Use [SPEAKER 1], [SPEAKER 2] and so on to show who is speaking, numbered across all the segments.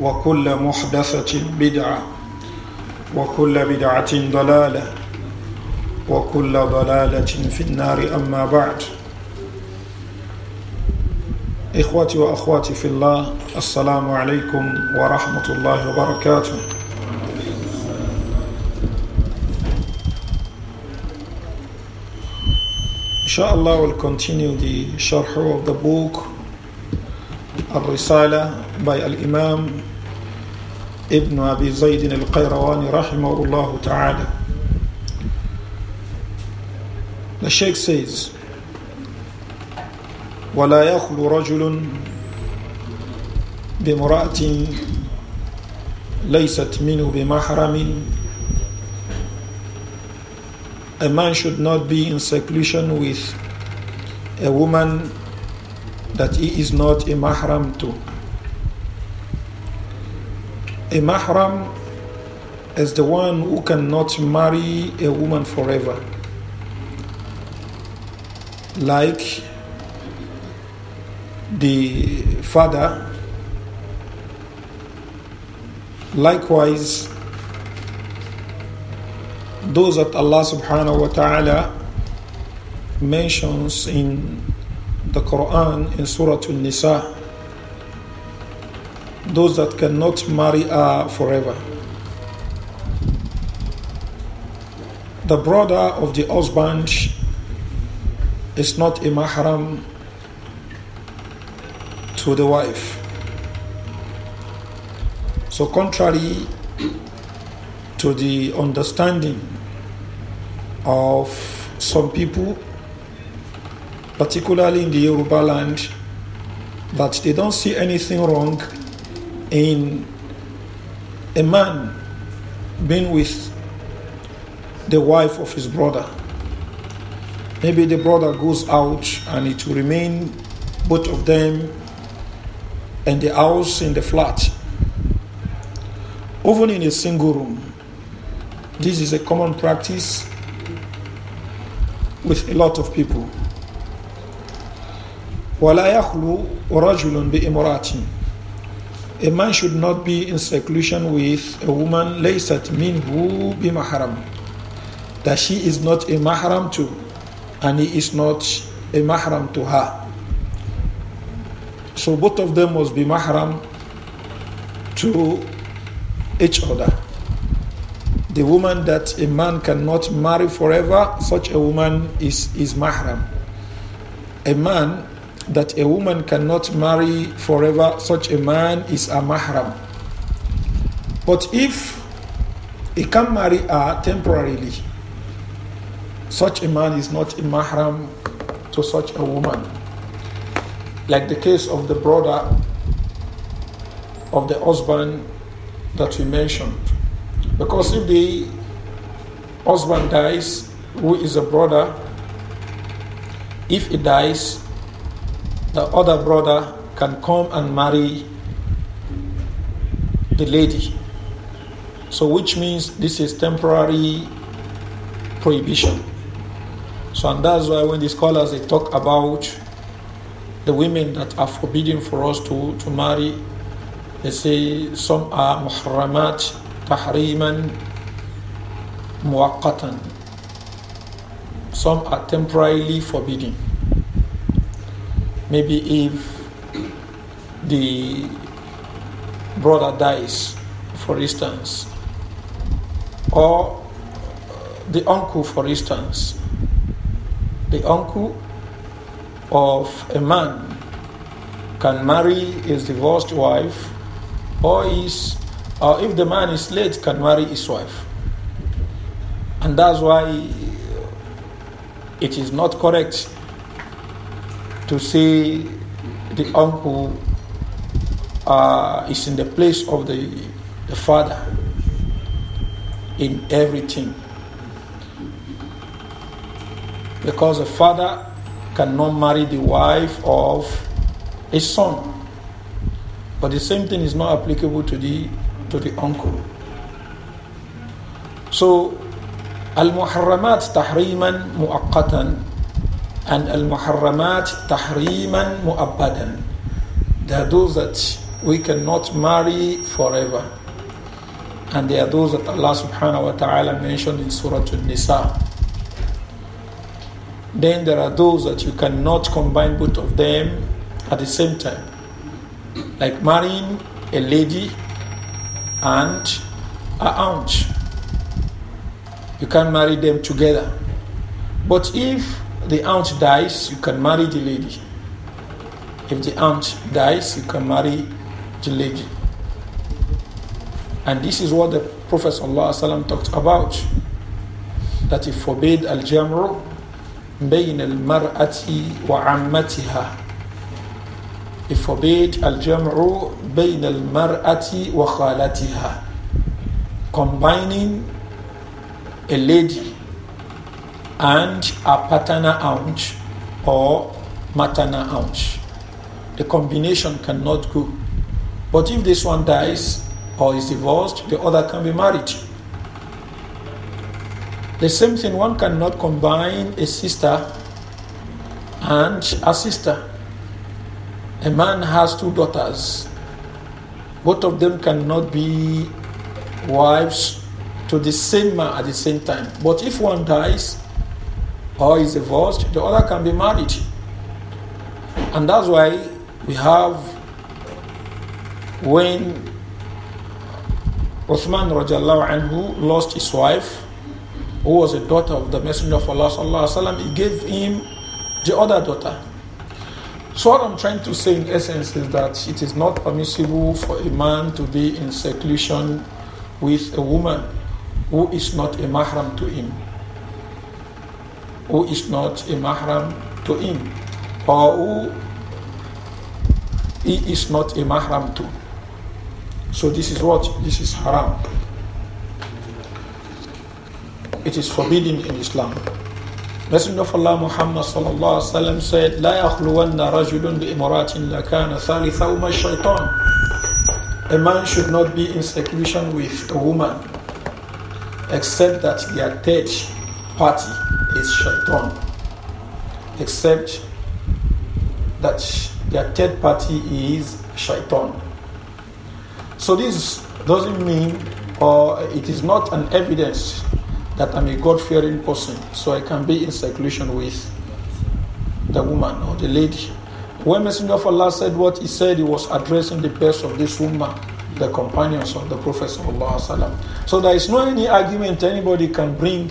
[SPEAKER 1] وكل محدثة بدعة وكل بدعة ضلالة وكل ضلالة في النار أما بعد إخوتي وأخواتي في الله السلام عليكم ورحمة الله وبركاته Inshallah will continue the sharh of the book Al-Risala by Al-Imam ابن أبي زيد القيروان رحمه الله تعالى The Sheikh says ولا يخلو رجل بمرأة ليست منه بمحرم A man should not be in seclusion with a woman that he is not a mahram to. A mahram is the one who cannot marry a woman forever. Like the father, likewise, those that Allah subhanahu wa ta'ala mentions in the Quran in Surah al Nisa those that cannot marry are forever. The brother of the husband is not a mahram to the wife. So, contrary to the understanding of some people, particularly in the Yoruba land, that they don't see anything wrong in a man being with the wife of his brother. Maybe the brother goes out and it will remain both of them and the house in the flat. Even in a single room, this is a common practice with a lot of people. A man should not be in seclusion with a woman laysat minhu bi mahram. That she is not a mahram to and he is not a mahram to her. So both of them must be mahram to each other. The woman that a man cannot marry forever, such a woman is, is mahram. A man that a woman cannot marry forever, such a man is a mahram. But if he can marry her temporarily, such a man is not a mahram to such a woman. Like the case of the brother of the husband that we mentioned. Because if the husband dies, who is a brother, if he dies, the other brother can come and marry the lady. So, which means this is temporary prohibition. So, and that's why when the scholars they talk about the women that are forbidden for us to, to marry, they say some are muhramat, tahriman, muwaqqatan. Some are temporarily forbidden. Maybe if the brother dies, for instance, or the uncle, for instance, the uncle of a man can marry his divorced wife, or is, or if the man is late, can marry his wife, and that's why it is not correct to see the uncle uh, is in the place of the, the father in everything. Because a father cannot marry the wife of a son. But the same thing is not applicable to the to the uncle. So al-muharramat tahriman mu'akkatan and al-muharramat tahriman mu'abbadan. There are those that we cannot marry forever. And there are those that Allah subhanahu wa ta'ala mentioned in Surah An-Nisa. Then there are those that you cannot combine both of them at the same time. Like marrying a lady and a aunt. You can't marry them together. But if the aunt dies, you can marry the lady. If the aunt dies, you can marry the lady. And this is what the Prophet ﷺ talked about that he forbade al jamru bayn al mar'ati wa ammatiha. He forbade al jamru bayn al mar'ati wa khalatiha. Combining a lady and a paternal aunt or maternal aunt. The combination cannot go. But if this one dies or is divorced, the other can be married. The same thing, one cannot combine a sister and a sister. A man has two daughters. Both of them cannot be wives to the same man at the same time. But if one dies, or is divorced, the other can be married. And that's why we have when Uthman radiallahu anhu lost his wife, who was a daughter of the Messenger of Allah sallallahu he gave him the other daughter. So what I'm trying to say in essence is that it is not permissible for a man to be in seclusion with a woman who is not a mahram to him who is not a mahram to him or who he is not a mahram to. So this is what? This is haram. It is forbidden in Islam. Messenger of Allah Muhammad sallallahu alaihi wasallam said, لا يخلون رجل بإمرات لكان وما الشيطان. A man should not be in seclusion with a woman except that they are third party is shaitan. Except that their third party is shaitan. So this doesn't mean or it is not an evidence that I'm a God-fearing person, so I can be in seclusion with the woman or the lady. When Messenger of Allah said what he said, he was addressing the best of this woman, the companions of the Prophet. So there is no any argument anybody can bring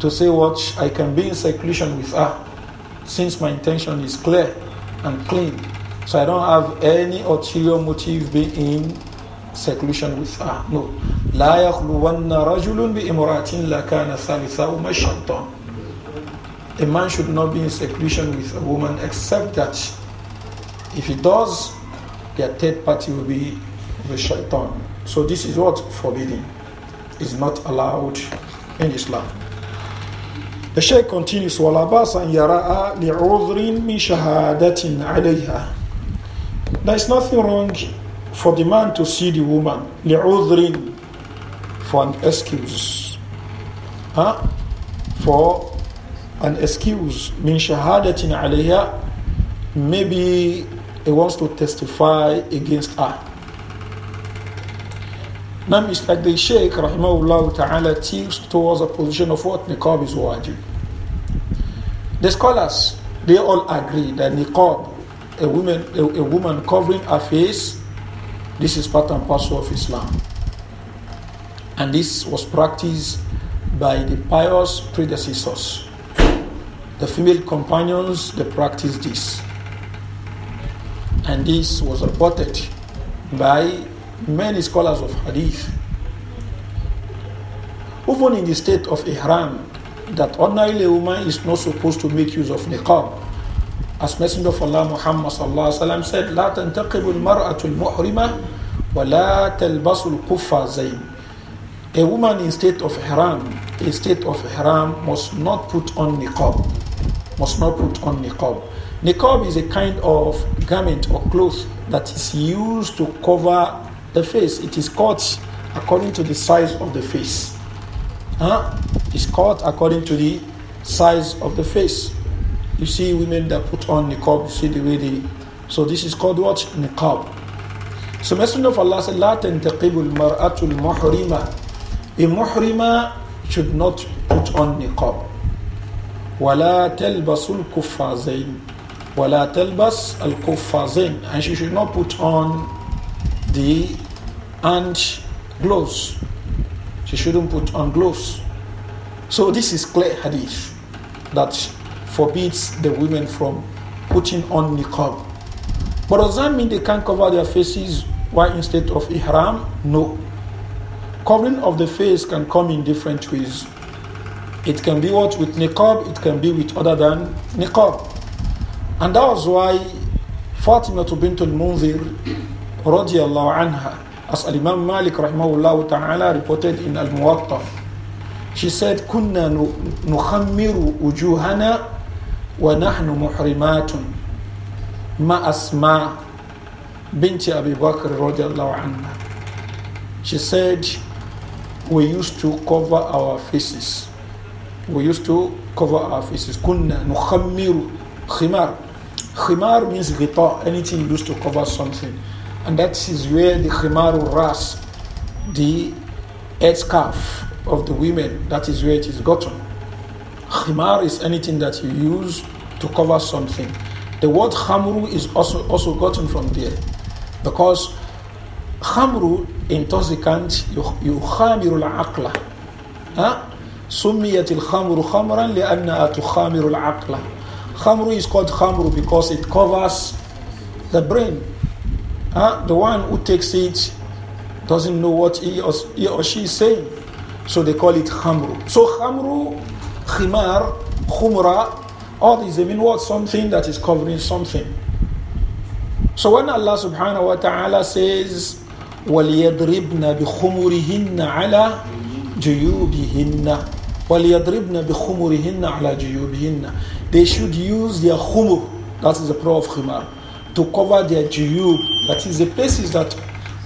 [SPEAKER 1] to say what I can be in seclusion with her since my intention is clear and clean. So I don't have any ulterior motive being in seclusion with her. No. لا يخلون رجل بامرأة لكان ثالثهما الشيطان. A man should not be in seclusion with a woman except that if he does, their third party will be the shaitan. So this is what forbidden is not allowed in Islam. The Shaykh continues, وَلَبَاسَ أَنْ يَرَأَ لِعُذْرٍ مِنْ شَهَادَةٍ عَلَيْهَا There is nothing wrong for the man to see the woman, لِعُذْرٍ for an excuse. Huh? For an excuse, مِنْ شَهَادَةٍ عَلَيْهَا Maybe he wants to testify against her. Now it's like the Shaykh, rahimahullah ta'ala, teaches towards a position of what niqab is wajib. The scholars, they all agree that niqab, a woman, a, a woman covering her face, this is part and parcel of Islam. And this was practiced by the pious predecessors. The female companions, they practiced this. And this was reported by many scholars of hadith. Even in the state of Ihram, that ordinarily a woman is not supposed to make use of niqab. As Messenger of Allah Muhammad sallallahu alaihi wasallam said, لا تنتقب المرأة المحرمة ولا تلبس القفة زين. A woman in state of haram, a state of haram must not put on niqab. Must not put on niqab. Niqab is a kind of garment or cloth that is used to cover the face. It is cut according to the size of the face huh, is cut according to the size of the face. You see women that put on niqab, you see the way they. So this is called what? Niqab. So Messenger of Allah said, لا تنتقب المرأة المحرمة. A muhrima should not put on niqab. ولا تلبس القفازين. ولا تلبس القفازين. And she should not put on the and gloves she shouldn't put on gloves. So this is clear hadith that forbids the women from putting on niqab. But does that mean they can't cover their faces Why instead of ihram? No. Covering of the face can come in different ways. It can be what with niqab, it can be with other than niqab. And that was why Fatima to al-Munzir radiallahu anha As Imam Malik rahimahullah ta'ala reported in Al Muwatta, she said, كنا نخمر وجوهنا ونحن محرمات ما أسماء بنت أبي بكر رضي الله عنها. She said, we used to cover our faces. We used to cover our faces. كنا نخمر خمار. Khimar means غطاء, anything used to cover something. and that is where the khimaru ras, the headscarf of the women, that is where it is gotten. Khimar is anything that you use to cover something. The word khamru is also also gotten from there, because khamru Tosikant, you khamirul aqla. Huh? سميت الخمر خمرا لأنها تخامر العقل. خمر is called خمر because it covers the brain. Huh? The one who takes it doesn't know what he or, he or she is saying. So they call it hamru. So hamru, khimar, khumra, all these, they mean what? Something that is covering something. So when Allah subhanahu wa ta'ala says, وَلْيَضْرِبْنَ بِخُمُرِهِنَّ عَلَى جُيُوبِهِنَّ وَلْيَضْرِبْنَ بِخُمُرِهِنَّ عَلَى جُيُوبِهِنَّ They should use their khumur, that is the pro of khimar to cover their juyub, that is the places that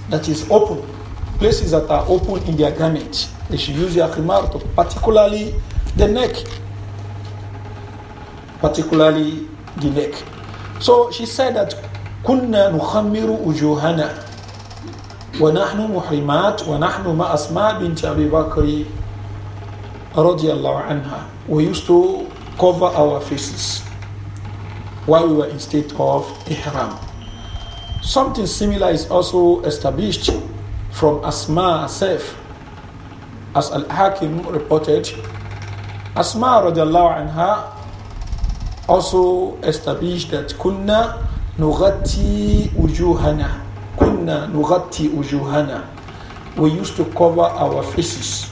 [SPEAKER 1] that is open, places that are open in their garment. They should use their khimar to particularly the neck, particularly the neck. So she said that كنا نخمر وجوهنا ونحن محرمات ونحن ما أسماء بنت أبي abi bakri الله anha. We used to cover our faces while we were in state of ihram. Something similar is also established from Asma herself, as Al Hakim reported. Asma radiallahu anha also established that kunna nugati ujuhana. Kunna nugati ujuhana. We used to cover our faces.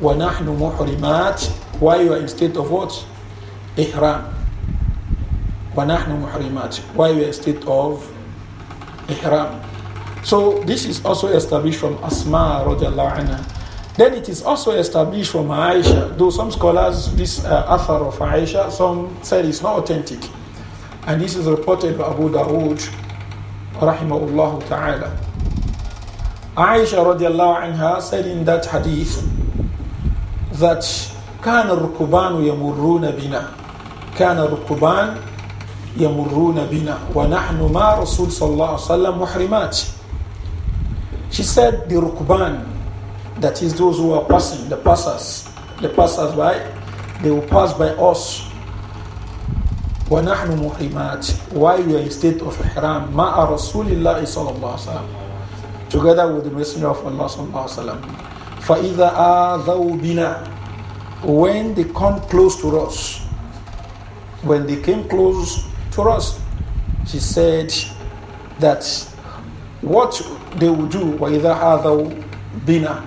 [SPEAKER 1] na'hnu muhrimat. While you are in state of what? Ihram. وَنَحْنُ مُحْرِمَاتِ Why we are state of ihram. So this is also established from Asma radiallahu anha. Then it is also established from Aisha, though some scholars, this uh, author of Aisha, some said it's not authentic. And this is reported by Abu Dawood, rahimahullah ta'ala. Aisha radiallahu anha said in that hadith that كان الركبان يمرون بنا كان الركبان يمرون بنا ونحن مع رسول صلى الله عليه وسلم محرمات she said the rukban that is those who are passing the passers the passers by they will pass by us ونحن محرمات while we are in state of ihram مع رسول الله صلى الله عليه together with the messenger of Allah صلى الله عليه وسلم فإذا آذوا بنا when they come close to us when they came close for us. She said that what they will do, the other bina,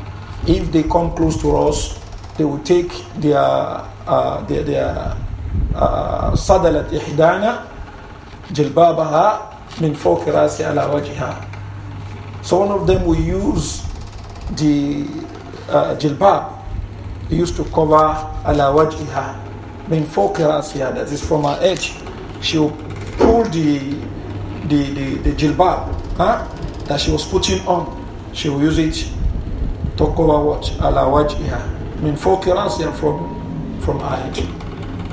[SPEAKER 1] If they come close to us, they will take their, uh, their, their uh, صَدَلَتْ إِحْدَانَا جِلْبَابَهَا So one of them will use the uh, jilbab used to cover ala wajhiha min fawqi that is from our edge she'll pull the the the, the jilbab huh, that she was putting on. She will use it to cover what ala I mean, fawqi rasiha from from ayat.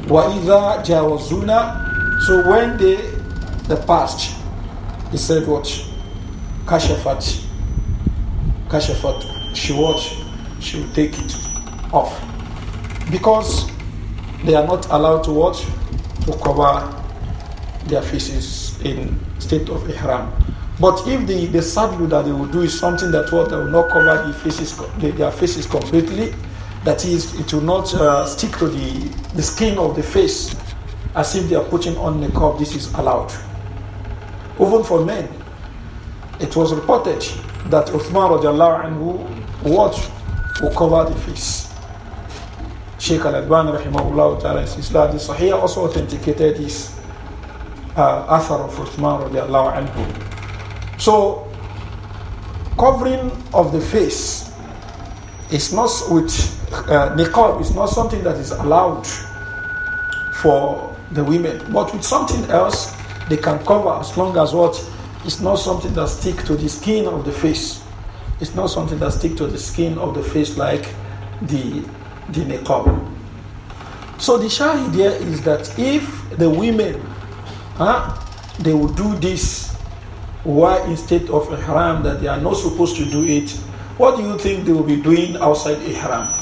[SPEAKER 1] Wa idha jawazuna so when they the past he said what kashafat kashafat she watch she will take it off because they are not allowed to watch to cover their faces in state of ihram. But if the, the sadlu that they will do is something that what will not cover the faces, their faces completely, that is, it will not uh, stick to the, the skin of the face as if they are putting on the niqab, this is allowed. Even for men, it was reported that Uthman anhu, what will cover the face. Sheikh Al-Adban rahimahullah ta'ala in his Sahih also authenticated this uh, Athar of Uthman anhu. So, covering of the face is not with uh, niqab, it's not something that is allowed for the women. But with something else, they can cover as long as what it's not something that stick to the skin of the face. It's not something that stick to the skin of the face like the the niqab. So the shahid here is that if the women huh, they will do this. Why instead of ihram that they are not supposed to do it? What do you think they will be doing outside ihram?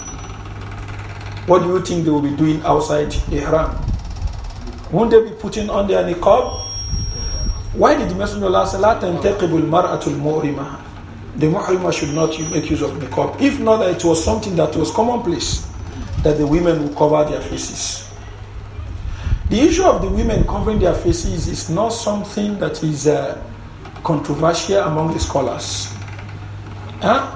[SPEAKER 1] What do you think they will be doing outside ihram? Won't they be putting on their niqab? Why did the Messenger of Allah say, "La tantaqibul mar'atul mu'rimah"? The mu'rima should not make use of niqab. If not, it was something that was commonplace that the women would cover their faces. The issue of the women covering their faces is not something that is uh, controversial among the scholars. Huh?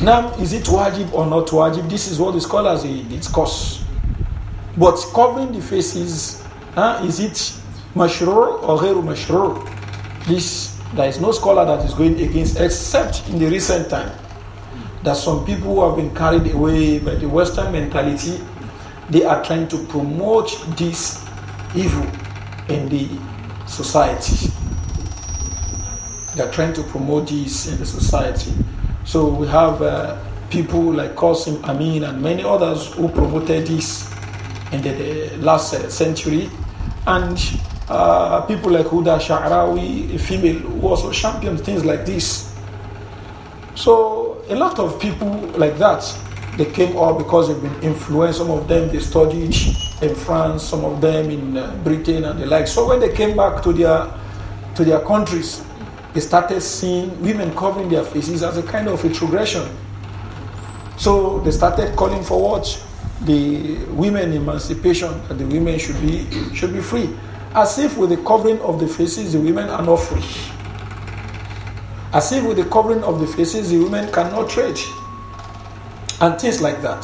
[SPEAKER 1] Now, is it wajib or not wajib? This is what the scholars discuss. But covering the faces, huh, is it mashrur or gheru mashrur? This, there is no scholar that is going against, except in the recent time, that some people who have been carried away by the Western mentality, they are trying to promote this evil in the society. They're trying to promote this in the society. So we have uh, people like Qasim Amin and many others who promoted this in the, the last uh, century. And uh, people like Huda Sha'rawi, a female, who also championed things like this. So a lot of people like that they came all because they've been influenced. Some of them they studied in France, some of them in uh, Britain and the like. So when they came back to their to their countries, they started seeing women covering their faces as a kind of retrogression. So they started calling for what the women emancipation that the women should be should be free, as if with the covering of the faces the women are not free. As if with the covering of the faces the women cannot trade and things like that.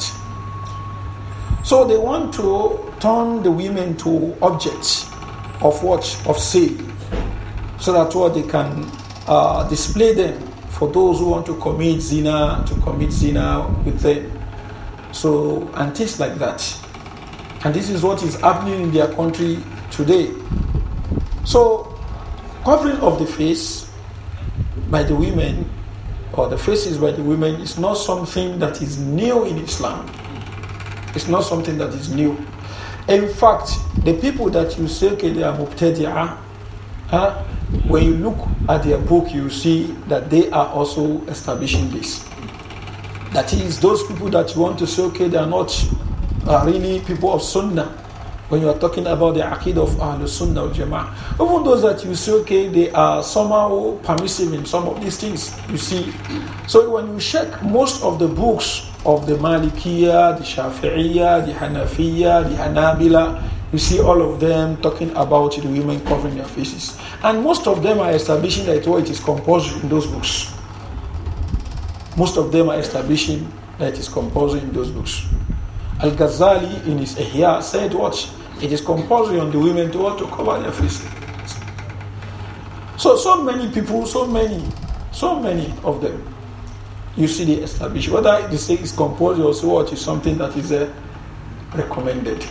[SPEAKER 1] So they want to turn the women to objects of what? Of sale. So that what they can uh, display them for those who want to commit zina, to commit zina with them. So, and things like that. And this is what is happening in their country today. So, covering of the face by the women or the faces by the women is not something that is new in Islam. It's not something that is new. In fact, the people that you say okay, they are Mubtadi'ah, huh? when you look at their book, you see that they are also establishing this. That is, those people that you want to say, okay, they are not uh, really people of Sunnah when you are talking about the Aqid of Ahlul Sunnah al Jama'ah. Even those that you say, okay, they are somehow permissive in some of these things, you see. So when you check most of the books of the Malikiyah, the Shafi'iyah, the Hanafiyah, the Hanabila, you see all of them talking about the women covering their faces. And most of them are establishing that it is compulsory in those books. Most of them are establishing that it is compulsory in those books. Al Ghazali in his Ihya said what? It is compulsory on the women to want to cover their faces. So, so many people, so many, so many of them, you see the establishment. Whether the say is compulsory or so what is something that is uh, recommended.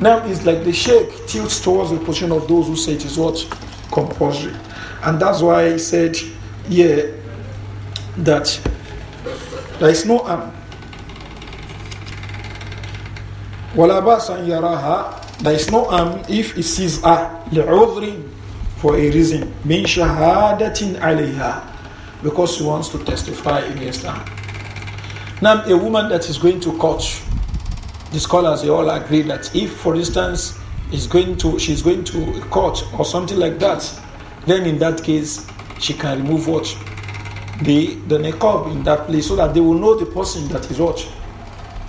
[SPEAKER 1] Now it's like the sheikh tilts towards the position of those who say it is what compulsory, and that's why he said, yeah, that there is no harm. ولا بأس أن there is no harm um, if he sees her لعذر for a reason من شهادة aliyah because he wants to testify against her. Now a woman that is going to court, the scholars they all agree that if for instance is going to she's going to court or something like that, then in that case she can remove what the the niqab in that place so that they will know the person that is what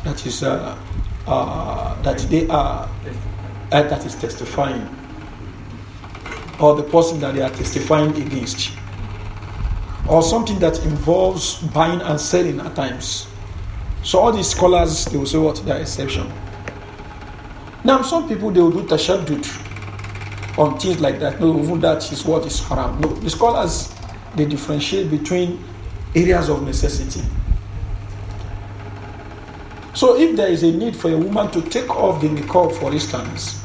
[SPEAKER 1] that is uh, uh, that they are that, that is testifying or the person that they are testifying against or something that involves buying and selling at times. So all these scholars they will say what their exception. Now some people they will do tashaddud on things like that. No, even that is what is haram. No, the scholars they differentiate between areas of necessity. So if there is a need for a woman to take off the niqab, for instance,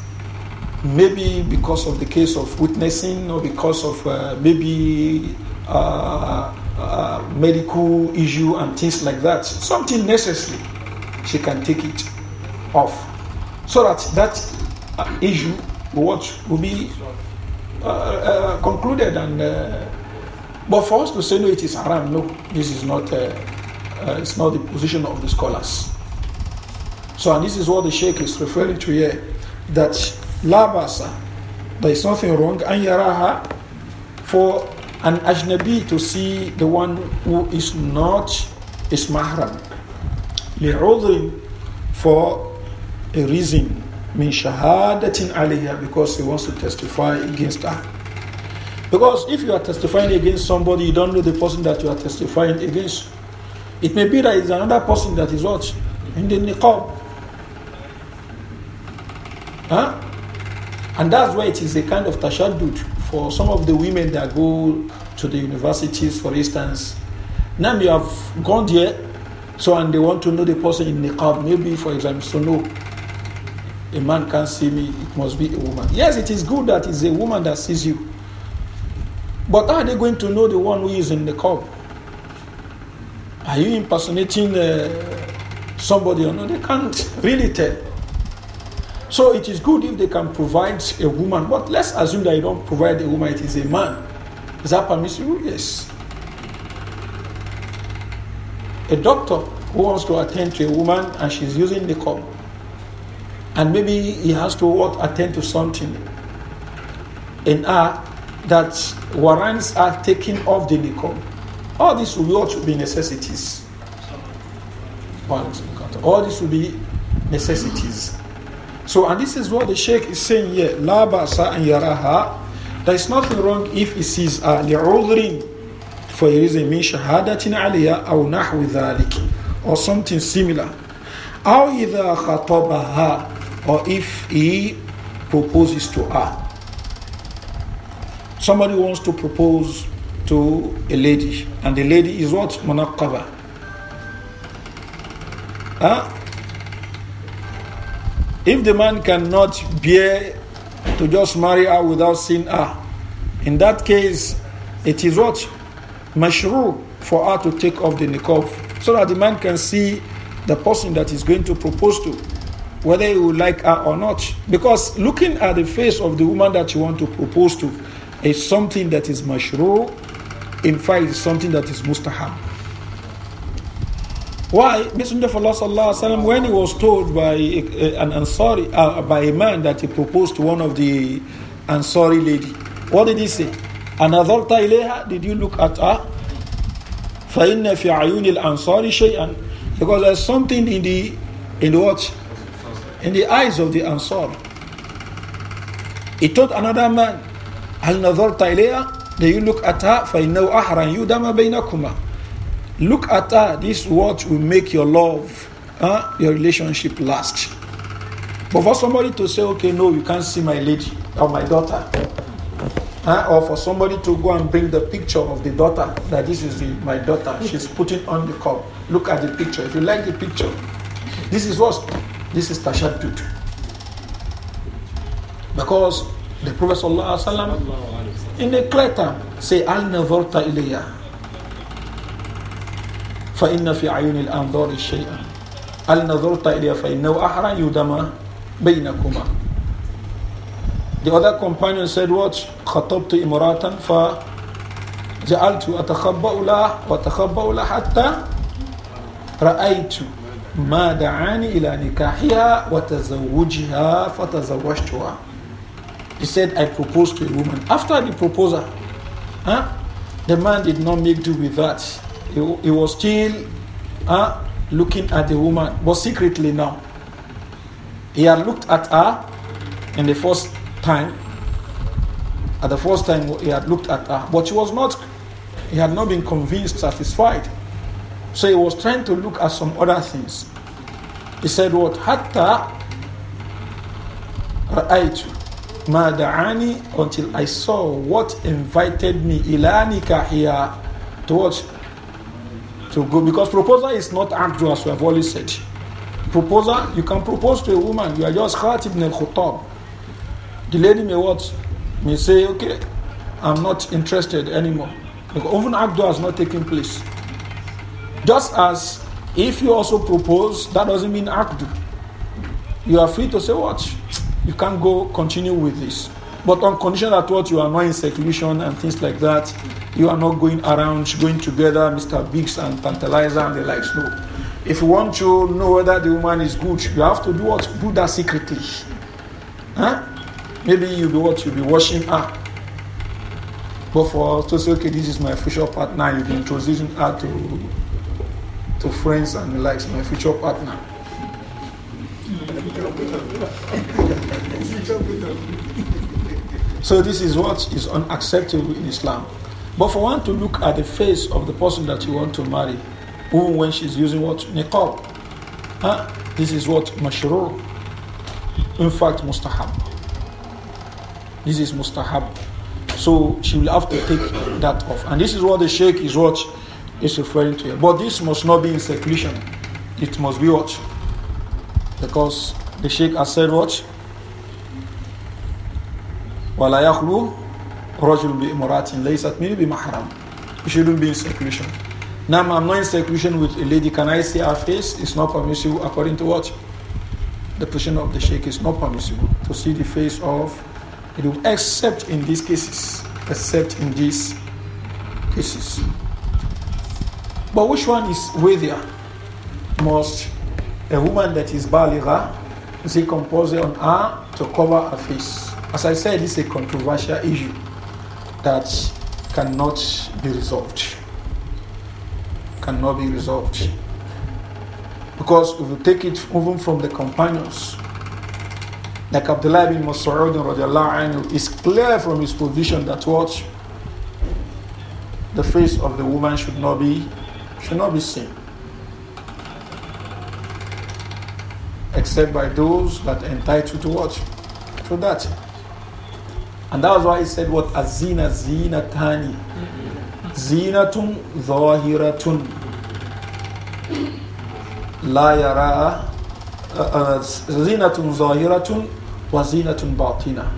[SPEAKER 1] maybe because of the case of witnessing or because of uh, maybe uh, uh, medical issue and things like that. Something necessary, she can take it off, so that that uh, issue what will be uh, uh, concluded. And but for us to say no, it is haram. No, this is not. it's not the position of the scholars. So, and this is what the Sheikh is referring to here, that labasa. There is nothing wrong. An yaraha for an ajnabi to see the one who is not is mahram. لعذر for a reason min shahadatin aliyah because he wants to testify against her. Because if you are testifying against somebody, you don't know the person that you are testifying against. It may be that it's another person that is watching In the niqab. Huh? And that's why it is a kind of tashadud for some of the women that go to the universities, for instance. Now you have gone there, so and they want to know the person in niqab. Maybe, for example, so no, a man can't see me, it must be a woman. Yes, it is good that it's a woman that sees you. But are they going to know the one who is in the cup? Are you impersonating uh, somebody or no? They can't really tell. So it is good if they can provide a woman, but let's assume that you don't provide a woman, it is a man. Is that permissible? Yes. A doctor who wants to attend to a woman and she's using the cup, and maybe he has to what, attend to something in her that warrants are taking off the liquor. All this will ought be necessities. All this will be necessities. So, and this is what the Sheikh is saying here. La ba'sa an yaraha. There is nothing wrong if he sees her. Li'udrin. For a reason, min shahadatin aliyah aw nahwi dhalik. Or something similar. Aw idha khatabaha. Or if he proposes to her. Somebody wants to propose to a lady. And the lady is what? Munaqqaba. Huh? If the man cannot bear to just marry her without seeing her, in that case, it is what? Mashru for her to take off the niqab so that the man can see the person that is going to propose to, whether he will like her or not. Because looking at the face of the woman that you want to propose to is something that is mashru, in fact, it's something that is mustahab. Why? Messenger of Allah sallallahu alaihi wasallam, when he was told by eh, an Ansari, uh, by a man that he proposed to one of the Ansari lady, what did he say? Anadharta ilayha, did you look at her? فَإِنَّ فِي عَيُونِ الْأَنصَارِ شَيْئًا Because there's something in the, in the what? In the eyes of the Ansar. He told another man, هَلْ نَظَرْتَ إِلَيْهَا Did you look at her? فَإِنَّهُ أَحْرًا يُدَمَ بَيْنَكُمَا Look at her. This what will make your love, your relationship last. But for somebody to say, okay, no, you can't see my lady or my daughter, or for somebody to go and bring the picture of the daughter, that this is the, my daughter, she's putting on the cup. Look at the picture. If you like the picture, this is what? This is tashaddud. Because the Prophet ﷺ, in the clear term, say, Al navarta ilayya. فإن في عيون الأنظار شيئا هل نظرت إليه فإنه أحرى يدما بينكما The other companion said what? خطبت إمراتا فجعلت أتخبأ لها وأتخبأ لها حتى رأيت ما دعاني إلى نكاحها وتزوجها فتزوجتها He said, I proposed to a woman. After the proposal, huh, the man did not make do with that he, he was still uh, looking at the woman, but secretly now. He had looked at her in the first time. At the first time, he had looked at her, but she was not, he had not been convinced, satisfied. So he was trying to look at some other things. He said, What? Hatta ra'aytu ma da'ani until I saw what invited me ilanika here towards to go because proposal is not abdu as we have always said. Proposal, you can propose to a woman, you are just in al Khutab. The lady may what? May say, okay, I'm not interested anymore. Because even abdu has not taken place. Just as if you also propose, that doesn't mean abdu. You are free to say, what? You can't go continue with this. But on condition that what you are not in seclusion and things like that, you are not going around going together, Mr. Biggs and Tantalizer and the likes. No. If you want to know whether the woman is good, you have to do what? Do that secretly. Huh? Maybe you'll be what? You'll be watching her. But for us to say, okay, this is my future partner, you'll be introducing her to, to friends and the likes, my future partner.
[SPEAKER 2] Mm.
[SPEAKER 1] So this is what is unacceptable in Islam. But for one to look at the face of the person that you want to marry, even when she's using what niqab, huh? this is what mashrur. In fact, mustahab. This is mustahab. So she will have to take that off. And this is what the sheikh is what is referring to. But this must not be in seclusion. It must be what? Because the sheikh has said what? وَلَا يَخْلُو رَجُلٌ بِإِمْرَاتٍ لَيْسَتْ مِنْهِ بِمَحْرَمٍ You shouldn't be in seclusion. Now, I'm not in seclusion with a lady. Can I see her face? It's not permissible according to what? The position of the sheikh is not permissible to see the face of except in these cases. Except in these cases. But which one is weightier? Most a woman that is baligha is it compulsory on her to cover her face? As I said, it's a controversial issue that cannot be resolved. Cannot be resolved. Because if you take it even from the companions, like Abdullah bin Mas'ud anhu, it's clear from his position that what the face of the woman should not be should not be seen. Except by those that entitled to what? To that. And that's why he said what azina zina tani. Zinatun zahiratun. La yara uh, uh, zinatun zahiratun wa zinatun batina.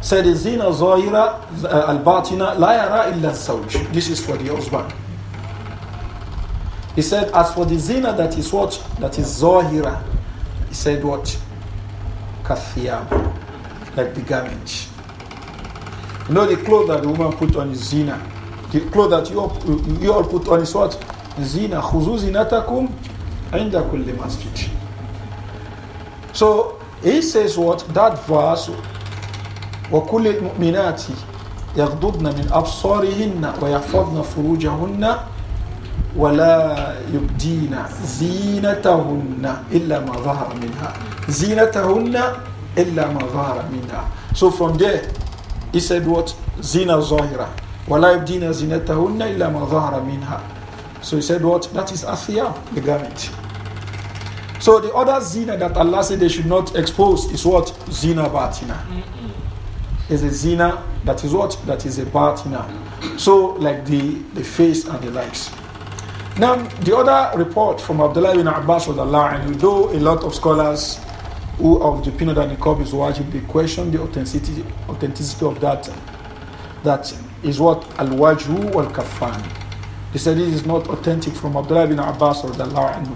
[SPEAKER 1] Said zina zahira uh, al batina la yara illa zawj. This is for the husband. He said, as for the zina that is what? That is zahira. He said what? Kathiyab. Like the garment. You know the clothes that the woman put on is zina. The clothes that you all, you all put on is what? Zina. Khuzu zinatakum inda kulli masjid. So he says what? That verse وكل المؤمنات يغضضن من أبصارهن ويحفظن فروجهن ولا يبدين زينتهن إلا ما ظهر منها زينتهن إلا ما ظهر منها So from there he said what? Zina zahira. وَلَا zineta, زِينَتَهُنَّ إِلَّا مَا ظَهَرَ So he said what? That is athiyah, the garment. So the other zina that Allah said they should not expose is what? Zina batina. Is a zina that is what? That is a batina. So like the, the face and the likes. Now the other report from Abdullah ibn Abbas was Allah, and we know a lot of scholars who of the pinot that the cup is watching, they question the authenticity, authenticity of that. That is what al wajhu Al kafan. They said it is not authentic from Abdullah bin Abbas or anhu.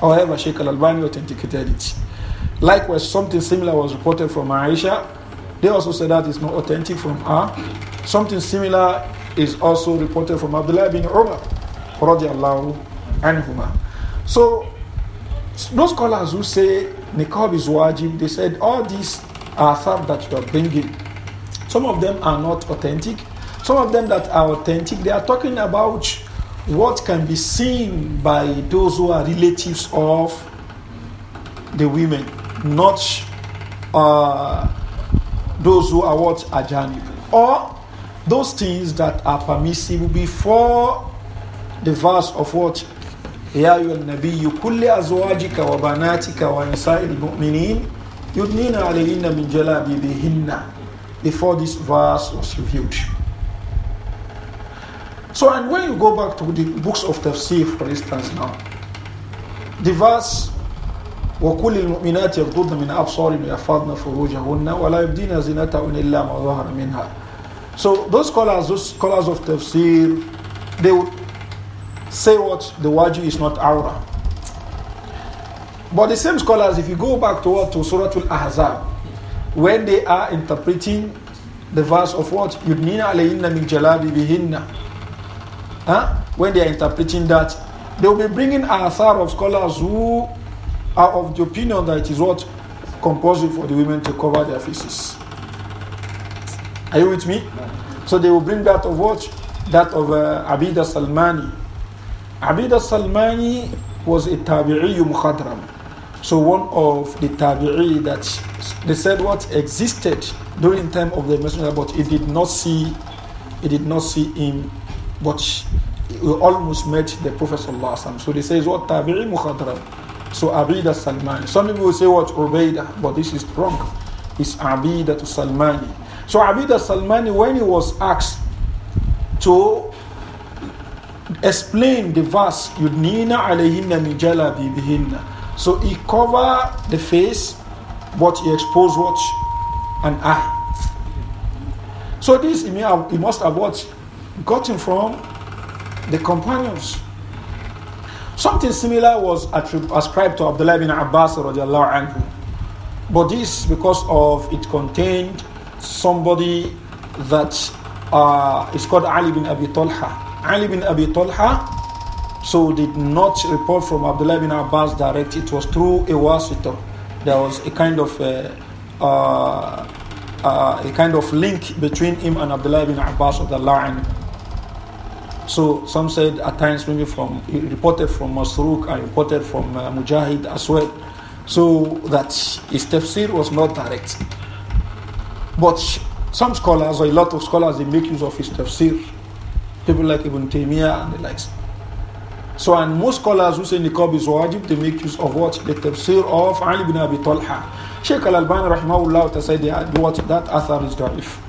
[SPEAKER 1] However, Sheikh Al Albani authenticated it. Likewise, something similar was reported from Aisha. They also said that it's not authentic from her. Something similar is also reported from Abdullah bin Umar. Huma. So those scholars who say niqab is wajib, they said all these are thab that you are bringing. Some of them are not authentic. Some of them that are authentic, they are talking about what can be seen by those who are relatives of the women, not uh, those who are what ajanib, or those things that are permissible before the verse of what يا أيها النبي كل أزواجك وبناتك ونساء المؤمنين يدنين عليهن من جلابي جلابيبهن before this verse was revealed. So, and when you go back to the books of tafsir, for instance, now, the verse وكل المؤمنات يغضضن من أبصارهن ويحفظن فروجهن ولا يبدين زينتهن إلا ما ظهر منها. So those scholars, those scholars of tafsir, they would say what the wajib is not aura. But the same scholars, if you go back to what to Surah Al-Ahzab, when they are interpreting the verse of what yudnina alayhinna min jalabibihinna, huh? when they are interpreting that, they will be bringing athar of scholars who are of the opinion that it is what compulsory for the women to cover their faces. Are you with me? So they will bring that of what that of uh, Abida Salmani Abid al-Salmani was a Tabi'i Mukhadram. So one of the Tabi'i that they said what existed during time of the Messenger, but he did not see, he did not see him, but he almost met the Prophet Sallallahu So they say what Tabi'i Mukhadram. So Abid al-Salmani. Some people will say what Ubaidah, but this is wrong. It's Abid al-Salmani. So Abid al-Salmani, when he was asked to explain the verse yudnina alayhinna mijala jalabibihinna so he cover the face but he expose what an eye so this he, have, he must have what gotten from the companions something similar was ascribed to abdullah bin abbas anhu but this because of it contained somebody that uh, is called ali bin abi talha Ali bin Abi Talha, so did not report from Abdullah bin Abbas direct. It was through a wasita. There was a kind of a, uh, uh, uh, a kind of link between him and Abdullah bin Abbas of the line. So some said at times maybe from he reported from Masruq, I reported from uh, Mujahid as well. So that his tafsir was not direct. But some scholars, or a lot of scholars, they make use of his tafsir people like Ibn Taymiyyah and the likes. So, and most scholars who say niqab is wajib, they make use of what? The tafsir of Ali ibn Abi Talha. Sheikh Al Albani rahimahullah said that what? That author is da'if.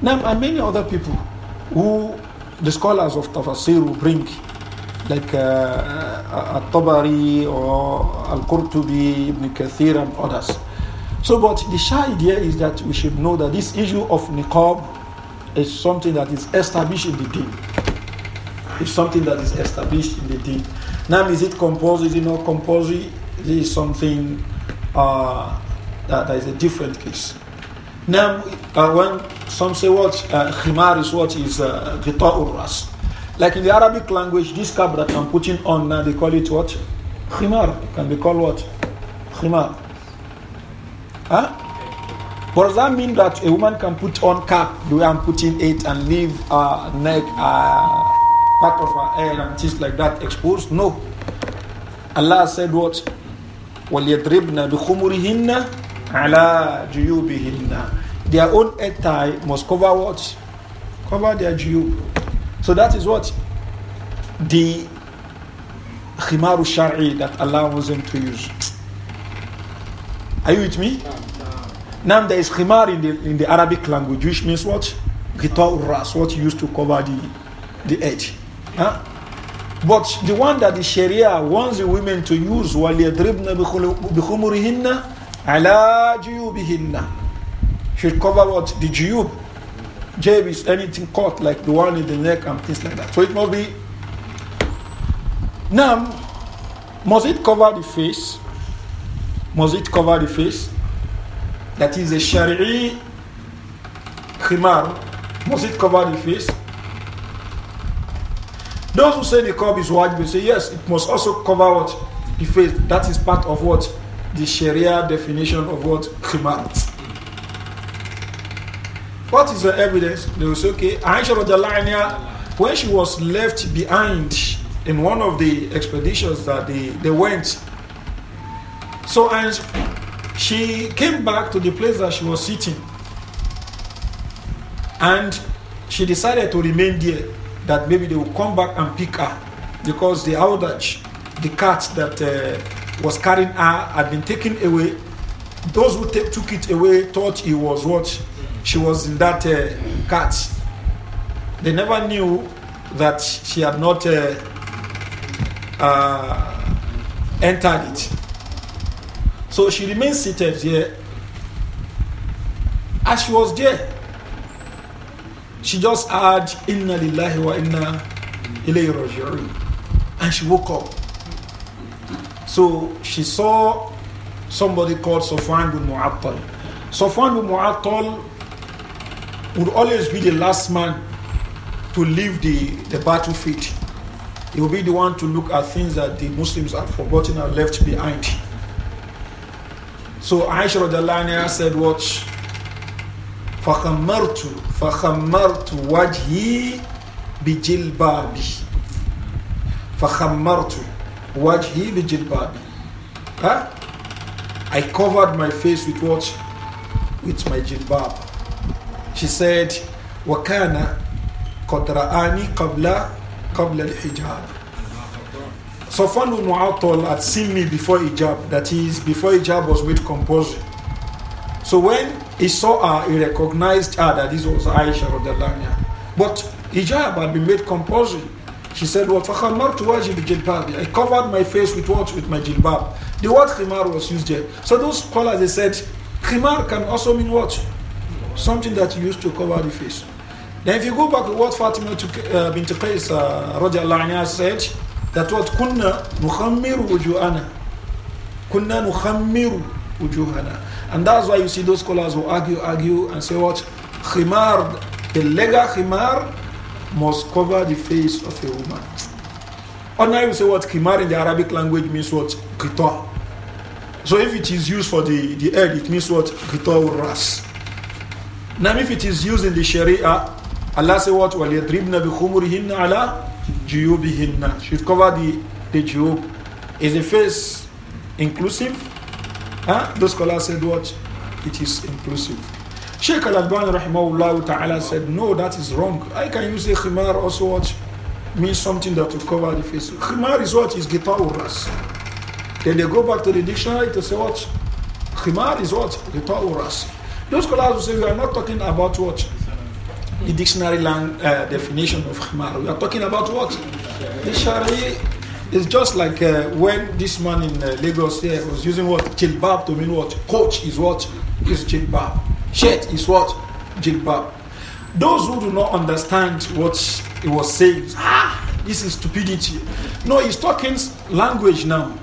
[SPEAKER 1] Now, and many other people who the scholars of tafsir will bring, like uh, uh Al Tabari or Al Qurtubi, Ibn Kathir, and others. So, but the shy idea is that we should know that this issue of niqab it's something that is established in the deed. It's something that is established in the deed. Now, is it compulsory? Is it not compulsory? This is something uh, that, that is a different case. Now, uh, when some say what uh, khimar is what is uh, ghita uh, ras, like in the Arabic language, this cap that I'm putting on now they call it what khimar. It can be called what khimar. Huh? But does that mean that a woman can put on cap the way I'm putting it and leave her neck, uh, part of her hair and things like that exposed? No. Allah said what? وَلْيَضْرِبْنَا بِخُمُرِهِنَّ عَلَى جُيُوبِهِنَّ Their own head tie must cover what? Cover their juyub. So that is what? The khimaru shari that Allah wants them to use. Are you with me? Now there is khimar in the, in the Arabic language, which means what? Ghita'ur what used to cover the, the edge. Huh? But the one that the Sharia wants the women to use, وَلْيَدْرِبْنَ بِخُمُرِهِنَّ عَلَىٰ جُيُوبِهِنَّ Should cover what? The jiyub, Jab is anything caught, like the one in the neck and things like that. So it must be. Now, must it cover the face? Must it cover the face? that is a shari'i khimar, must it cover the face? Those who say the cover is wajib say yes, it must also cover what? The face. That is part of what? The Sharia definition of what? Khimar. What is the evidence? They will say, okay, Aisha Rajalania, when she was left behind in one of the expeditions that they, they went, so and she came back to the place that she was sitting and she decided to remain there that maybe they will come back and pick her because the elders, the cat that uh, was carrying her had been taken away those who took it away thought it was what she was in that uh, cat they never knew that she had not uh, uh entered it so she remained seated there. As she was there, she just had Inna lillahi wa inna ilayhi And she woke up. So she saw somebody called Safwan bin Mu'attal. Safwan bin Mu'attal would always be the last man to leave the, the battlefield. He would be the one to look at things that the Muslims had forgotten and left behind. So Aisha Rajalania said, Watch. فخمرت فخمرت وجهي بجلبابي فخمرت وجهي بجلبابي huh? I covered my face with what? With my jilbab. She said, Wakana قد رآني قبل قبل Safwan ibn Atal had seen me before hijab, that is, before hijab was made compulsory. So when he saw her, he recognized her that this was Aisha Rodalania. But hijab had been made compulsory. She said, "Well, I covered my face with what? With my jilbab. The word khimar was used there. So those scholars, they said, khimar can also mean what? Something that you used to cover the face. Then if you go back to what Fatima uh, bint Qais uh, said, that what kunna nukhammiru wujuhana. Kunna nukhammiru wujuhana. And that's why you see those scholars who argue, argue and say what? Khimar, the lega khimar must cover the face of a woman. Or now you say what? Khimar in the Arabic language means what? Qitar. So if it is used for the, the head, it means what? Qitar ras. Now if it is used in the Sharia, Allah say what? bi بِخُمُرِهِنَّ ala jiyubihinna should cover the, the jiyub. Is the face inclusive? Huh? Those scholars said what? It is inclusive. Sheikh Al-Albani rahimahullah ta'ala said, no, that is wrong. I can use a khimar also what means something that will cover the face. Khimar is what? Is oras. Then they go back to the dictionary to say what? Khimar is what? oras. Those scholars will say, we are not talking about what? the dictionary lang- uh, definition of khimar. We are talking about what? The it's is just like uh, when this man in uh, Lagos here was using what? Jilbab to mean what? Coach is what? Is jilbab. Shirt is what? Jilbab. Those who do not understand what he was saying, ah, this is stupidity. No, he's talking language now.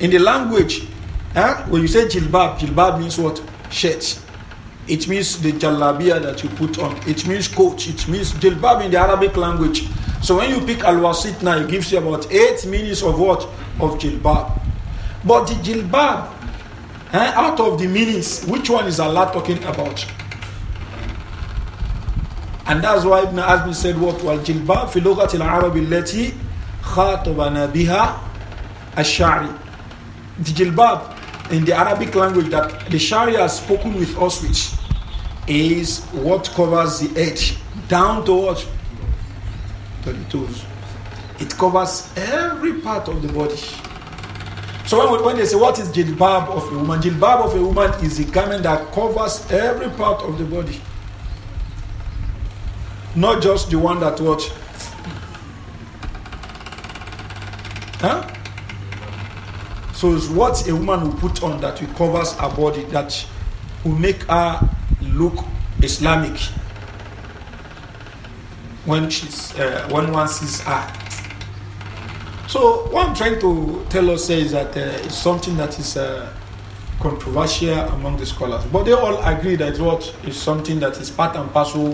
[SPEAKER 1] In the language, eh, when you say jilbab, jilbab means what? Shirt. It means the jalabia that you put on. It means coat. It means jilbab in the Arabic language. So when you pick al-wasit now, it gives you about eight minutes of what? Of jilbab. But the jilbab, eh, out of the meanings, which one is Allah talking about? And that's why Ibn Azmi said what? Well, jilbab fi lughat al leti, allati khatabana biha ash The jilbab in the Arabic language that the Sharia has spoken with us with is what covers the edge down to what? It covers every part of the body. So when, when they say what is jilbab of a woman, jilbab of a woman is a garment that covers every part of the body. Not just the one that what? Huh? So it's what a woman will put on that will covers her body that will make her look Islamic when she's uh, when one sees her. So what I'm trying to tell us is that uh, it's something that is uh, controversial among the scholars, but they all agree that what is something that is part and parcel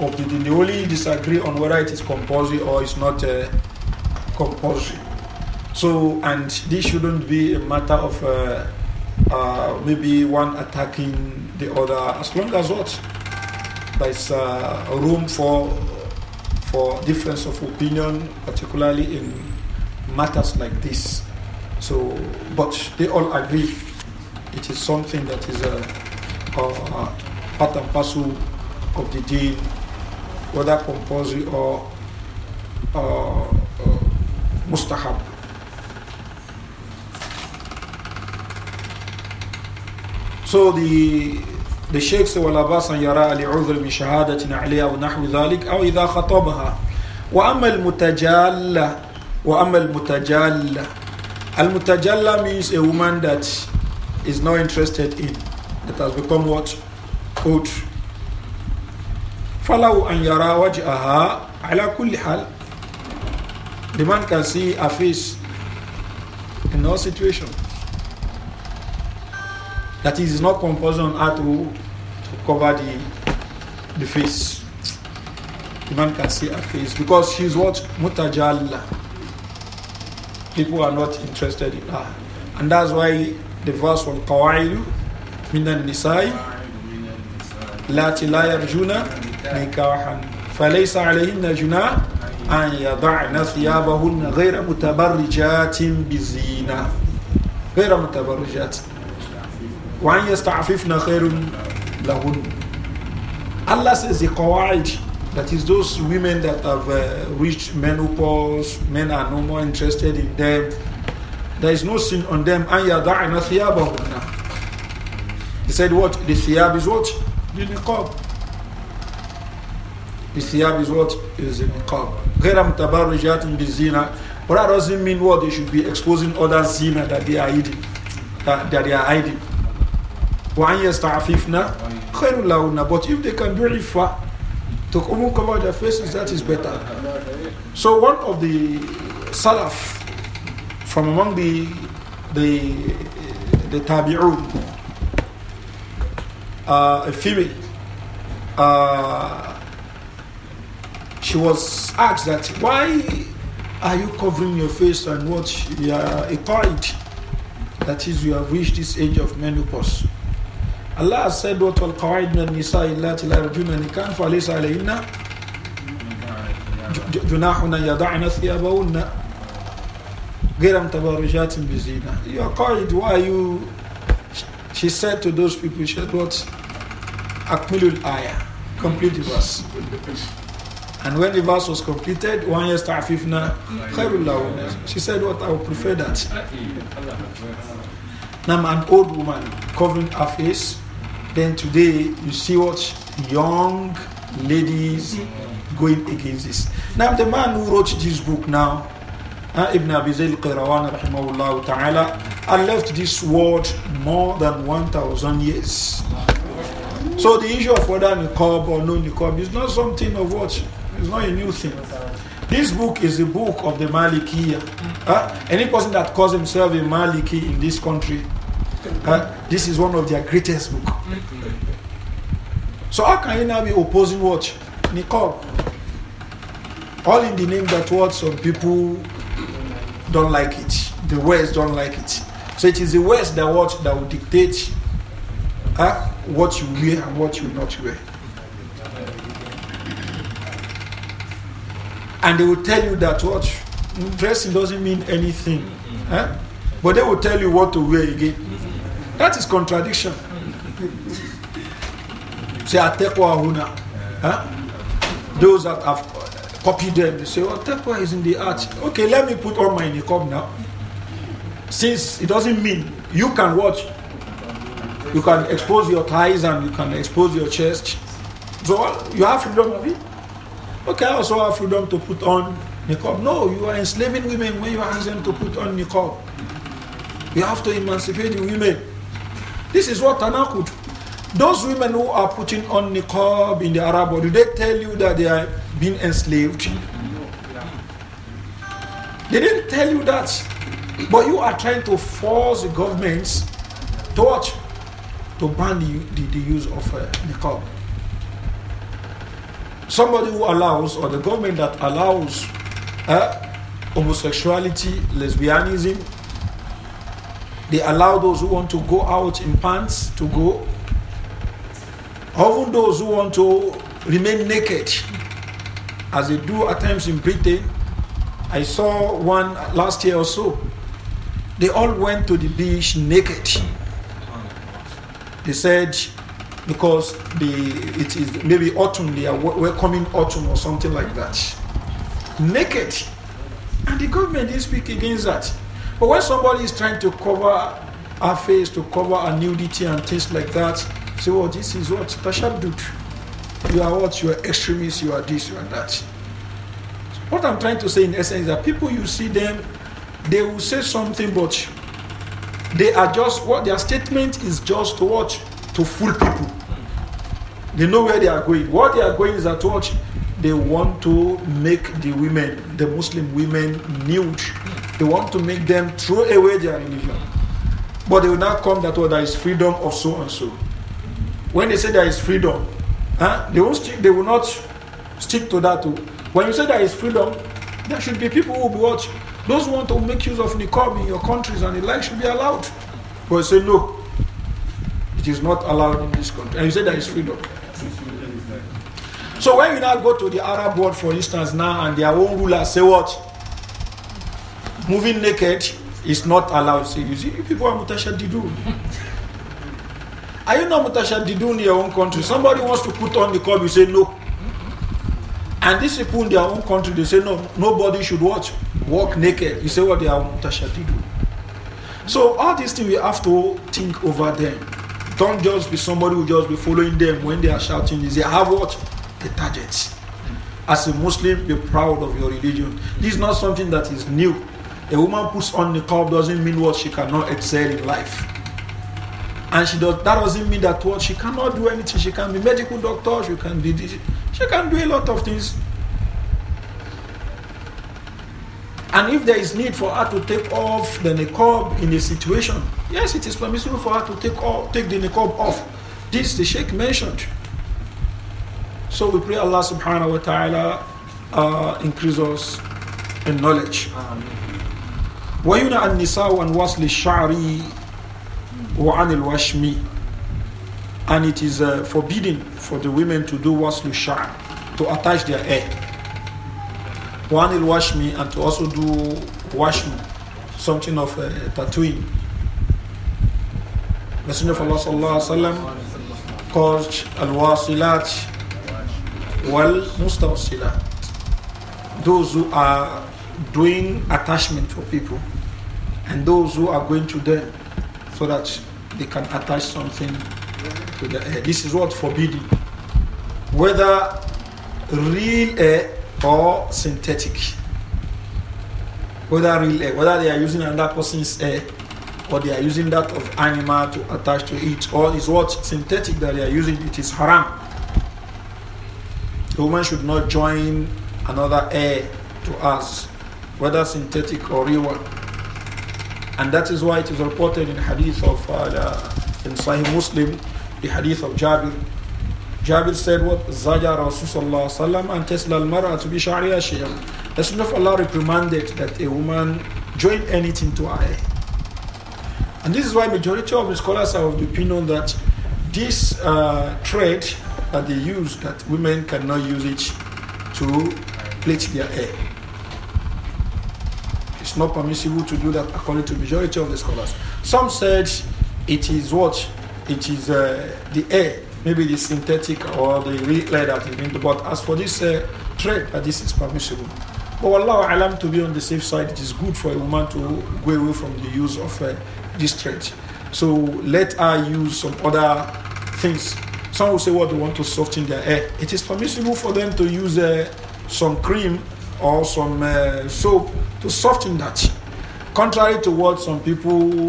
[SPEAKER 1] of the deen. They only disagree on whether it is compulsory or it's not uh, compulsory. So and this shouldn't be a matter of uh, uh, maybe one attacking the other as long as what there is uh, room for for difference of opinion particularly in matters like this so but they all agree it is something that is a, a, a part and parcel of the deal whether compulsory or uh, uh, mustahab so the للشيخ ولا بأس أن يرى لعذر بشهادة عليها أو نحو ذلك أو إذا خطبها وأما المتجلى وأما المتجلى المتجلى means a woman that is not interested in that has become what good فلو أن يرى وجهها على كل حال the man can see a face in all situation That is, not composed on her to, to cover the, the face. The man can see her face because she's what? Mutajalla. People are not interested in her. And that's why the verse from Qawaidu, Minan Nisai, التي لا يرجون نكاحا فليس عليهن جناح أن يضعن ثيابهن غير متبرجات بزينة غير متبرجات وَأَنْ يَسْتَعْفِفْنَ خَيْرٌ لَهُنْ Allah says the qawaid, that is those women that have uh, reached menopause, men are no more interested in them. There is no sin on them. here about ثِيَابَهُنَّ He said what? The thiyab is what? The niqab. The thiyab is what? Is the niqab. غَيْرَ مُتَبَرِّجَاتٍ بِالزِّينَةِ but that doesn't mean what they should be exposing other zina that they are hiding, that, that they are hiding. وَأَنْ يَسْتَعْفِفْنَا خَيْرٌ لَهُنَّ But if they can do rifa, to cover their faces, that is better. So one of the salaf from among the the the tabi'un, uh, a female, uh, she was asked that why are you covering your face and what you are a That is, you have reached this age of menopause. Allah سيد said what will qawaid min nisa illati la yarjuna nikan fa laysa ثيابهن غير متبرجات بزينة your why you she said to those people she said what akmilul الآية complete the verse and when the verse was completed one year ta'fifna خير الله she said what I would prefer that now an old woman covering her face Then today, you see what young ladies going against this. Now, the man who wrote this book now, uh, Ibn Abi Zayd qirawani rahimahullah ta'ala, I left this world more than 1,000 years. So the issue of whether niqab or no niqab is not something of what, it's not a new thing. This book is a book of the Malikiya. Uh, any person that calls himself a Maliki in this country, uh, this is one of their greatest book. So how can you now be opposing what? Nicole? All in the name that what some people don't like it. The West don't like it. So it is the West that what that will dictate what you wear and what you not wear. And they will tell you that what dressing doesn't mean anything. but they will tell you what to wear again. That is contradiction. say, Atekwa Huna. Huh? Those that have copied them, they say, oh, Atekwa is in the art. Okay, let me put on my niqab now. Since it doesn't mean you can watch, you can expose your thighs and you can expose your chest. So you have freedom of it. Okay, I also have freedom to put on niqab. No, you are enslaving women when you ask them to put on niqab. You have to emancipate the women. This is what do. Those women who are putting on niqab in the Arab world, do they tell you that they are being enslaved? They didn't tell you that. But you are trying to force the governments to what? To ban the, the, the use of uh, niqab. Somebody who allows, or the government that allows uh, homosexuality, lesbianism, they allow those who want to go out in pants to go. Even those who want to remain naked, as they do at times in Britain. I saw one last year or so. They all went to the beach naked. They said because the it is maybe autumn they are welcoming autumn or something like that naked and the government didn't speak against that but when somebody is trying to cover a face, to cover a nudity and things like that, say, well, oh, this is what Tashabdut. You are what? You are extremists, you are this, you are that. what I'm trying to say in essence is that people you see them, they will say something, but they are just what their statement is just to what? To fool people. They know where they are going. What they are going is that watch. they want to make the women, the Muslim women, nude they want to make them throw away their religion. But they will not come that, well, oh, there is freedom of so and so. When they say there is freedom, huh, they, won't stick, they will not stick to that. Too. Oh. When you say there is freedom, there should be people who will be what? Those who want to make use of niqab in your countries and the like should be allowed. But you say, no, it is not allowed in this country. And you say there is freedom. So when you now go to the Arab world, for instance, now, and their own rulers say what? moving naked is not allowed. See, you see, you people are mutashadidun. are you not mutashadidun in your own country? Somebody wants to put on the cob, you say no. And these people in their own country, they say no, nobody should watch, walk naked. You say what well, they are mutashadidun. So all these things we have to think over them. Don't just be somebody who just be following them when they are shouting. They have what? The targets. As a Muslim, be proud of your religion. This is not something that is new a woman puts on the niqab doesn't mean what she cannot excel in life. And she does, that doesn't mean that what she cannot do anything. She can be medical doctor, she can be she can do a lot of things. And if there is need for her to take off the niqab in a situation, yes, it is permissible for her to take off, take the niqab off. This the Sheikh mentioned. So we pray Allah subhanahu wa ta'ala uh, increase us in knowledge. Amen. وينهى عن النساء عن وصل الشعر وعن الوشم and it is uh, forbidden for the women to do wasl sha'r to attach their hair وعن الوشم and to also do washm something of uh, tattooing Messenger of Allah الله عليه وسلم, called al-wasilat those who are doing attachment for people and those who are going to them so that they can attach something to the air. This is what forbidden. Whether real air or synthetic. Whether real air, whether they are using another person's air or they are using that of animal to attach to it, or is what synthetic that they are using, it is haram. The woman should not join another air to us, whether synthetic or real one. And that is why it is reported in hadith of uh, in Sahih Muslim, the hadith of Jabir. Jabir said, What Zaja Rasulullah sallam and Tesla al Mara to be Sharia Shia. The of Allah reprimanded that a woman join anything to her. And this is why majority of the scholars are of the opinion that this uh, trade that they use, that women cannot use it to bleach their hair it's not permissible to do that according to majority of the scholars. Some said it is what? It is uh, the air, maybe the synthetic or the real air that is being But as for this uh, trade, that uh, this is permissible. But Allah alam to be on the safe side, it is good for a woman to go away from the use of uh, this trade. So let her use some other things. Some will say what they want to soften their hair. It is permissible for them to use uh, some cream or some uh, soap to soften that. Contrary to what some people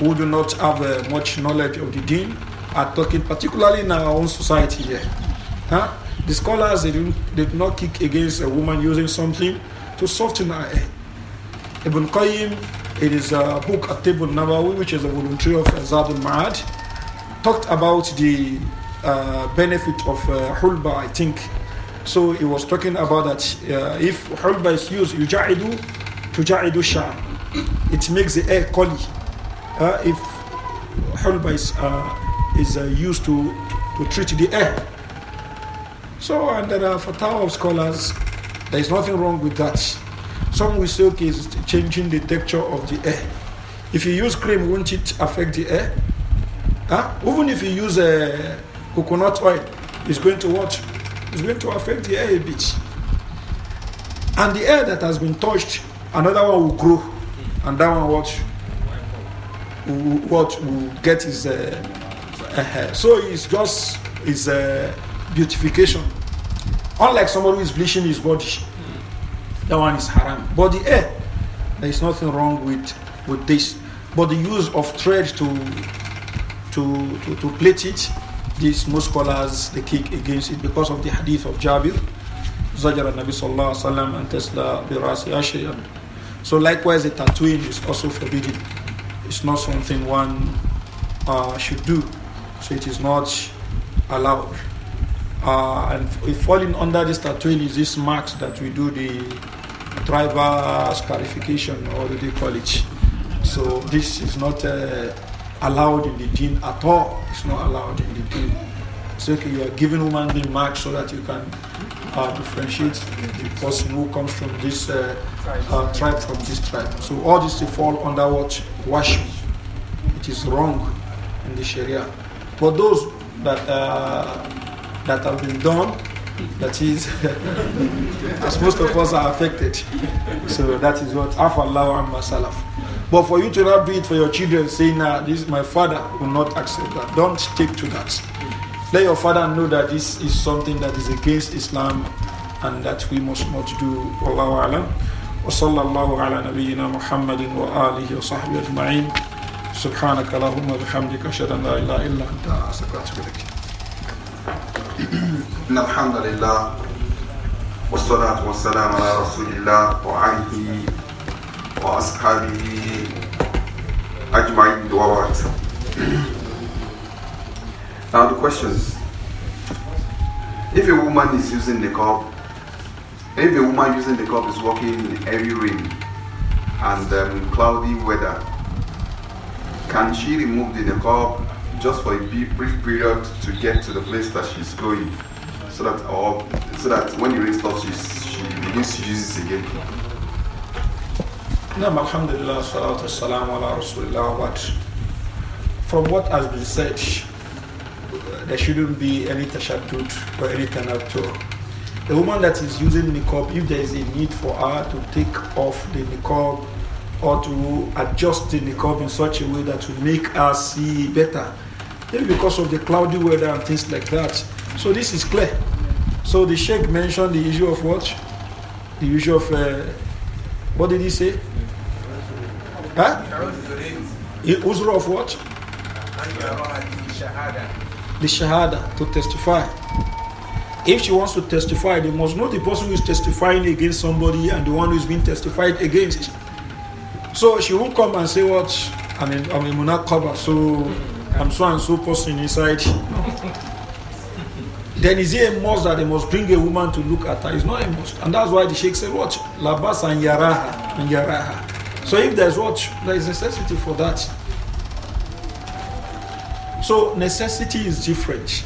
[SPEAKER 1] who do not have uh, much knowledge of the deen are talking, particularly in our own society here. Huh? The scholars they did, they did not kick against a woman using something to soften her head. Ibn Qayyim, in his uh, book at Table Nawawi, which is a voluntary of Zad al talked about the uh, benefit of uh, hulba, I think. So he was talking about that uh, if hulba is used, you jaidu. تجعد الشعر it makes the air curly uh, if hulba is, uh, is uh, used to, to, treat the air, so and there are fatwa of scholars there is nothing wrong with that some will say okay it's changing the texture of the air. if you use cream won't it affect the air? huh? even if you use uh, coconut oil it's going to what it's going to affect the air a bit and the air that has been touched Another one will grow, and that one what what will get his uh, uh, so it's just his uh, beautification. Unlike someone who is bleaching his body, that one is haram. But the hair, there is nothing wrong with with this. But the use of thread to to to, to plait it, these most scholars they kick against it because of the hadith of Jabir. زجر النبي صلى الله عليه وسلم أن تسلى برأس أشياء so likewise, the tattooing is also forbidden. It's not something one uh, should do. So it is not allowed. Uh, and falling under this tattooing is this marks that we do the driver's qualification or the college. So this is not uh, allowed in the deen at all. It's not allowed in the deen. Say, okay, you are giving woman the mark so that you can uh, differentiate the person who comes from this uh, uh, tribe from this tribe. So all this to fall under what? Wash. It is wrong in the Sharia. For those that uh, that have been done, that is, as most of us are affected. So that is what Afallah and Masalaf. But for you to not do it for your children, saying, nah, this is my father, will not accept that. Don't stick to that let your father know that this is something that is against Islam and that we must not do. Wallahu alam. Wa sallallahu ala nabiyyina Muhammadin wa alihi wa sahbihi ajma'in. سبحانك اللهم وبحمدك اشهد ان لا اله الا انت استغفرك لك ان الحمد لله والصلاة والسلام
[SPEAKER 3] على رسول الله وعليه واصحابه اجمعين دعوات now the questions. If a woman is using the cup, if a woman using the cup is walking in heavy rain and um, cloudy weather, can she remove the cup just for a brief period to get to the place that she's going? So that or so that when the rain stops, she begins to use it again.
[SPEAKER 1] Nam alhamdulillah, salatu salam ala rasulillah. But from what has been said, there shouldn't be any tashatut or any all. The woman that is using niqab, if there is a need for her to take off the niqab or to adjust the niqab in such a way that will make her see better, maybe because of the cloudy weather and things like that. So this is clear. So the sheikh mentioned the issue of what? The issue of, uh, what did he say? Huh? issue of what? the shahada to testify. If she wants to testify, they must know the person who is testifying against somebody and the one who is being testified against. So she won't come and say, What? I mean, I'm a munakaba, so I'm so and so person inside. then is it a must that they must bring a woman to look at her? It's not a must. And that's why the Sheikh said, What? Labas and Yaraha. And Yaraha. So if there's what? There is necessity for that. So necessity is different.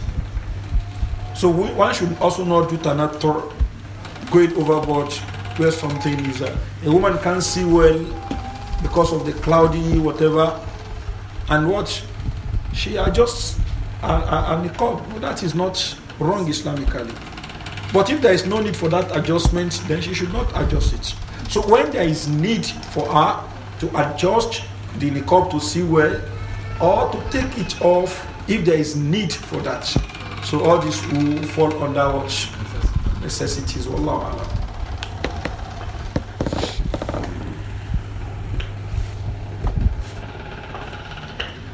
[SPEAKER 1] So we, one should also not do tanator, going overboard where something is. Uh, a woman can't see well because of the cloudy whatever, and what she adjusts and a, a that is not wrong Islamically. But if there is no need for that adjustment, then she should not adjust it. So when there is need for her to adjust the niqab to see well, or to take it off if there is need for that. So all this will fall under what? Necessities. Wallahu Allah,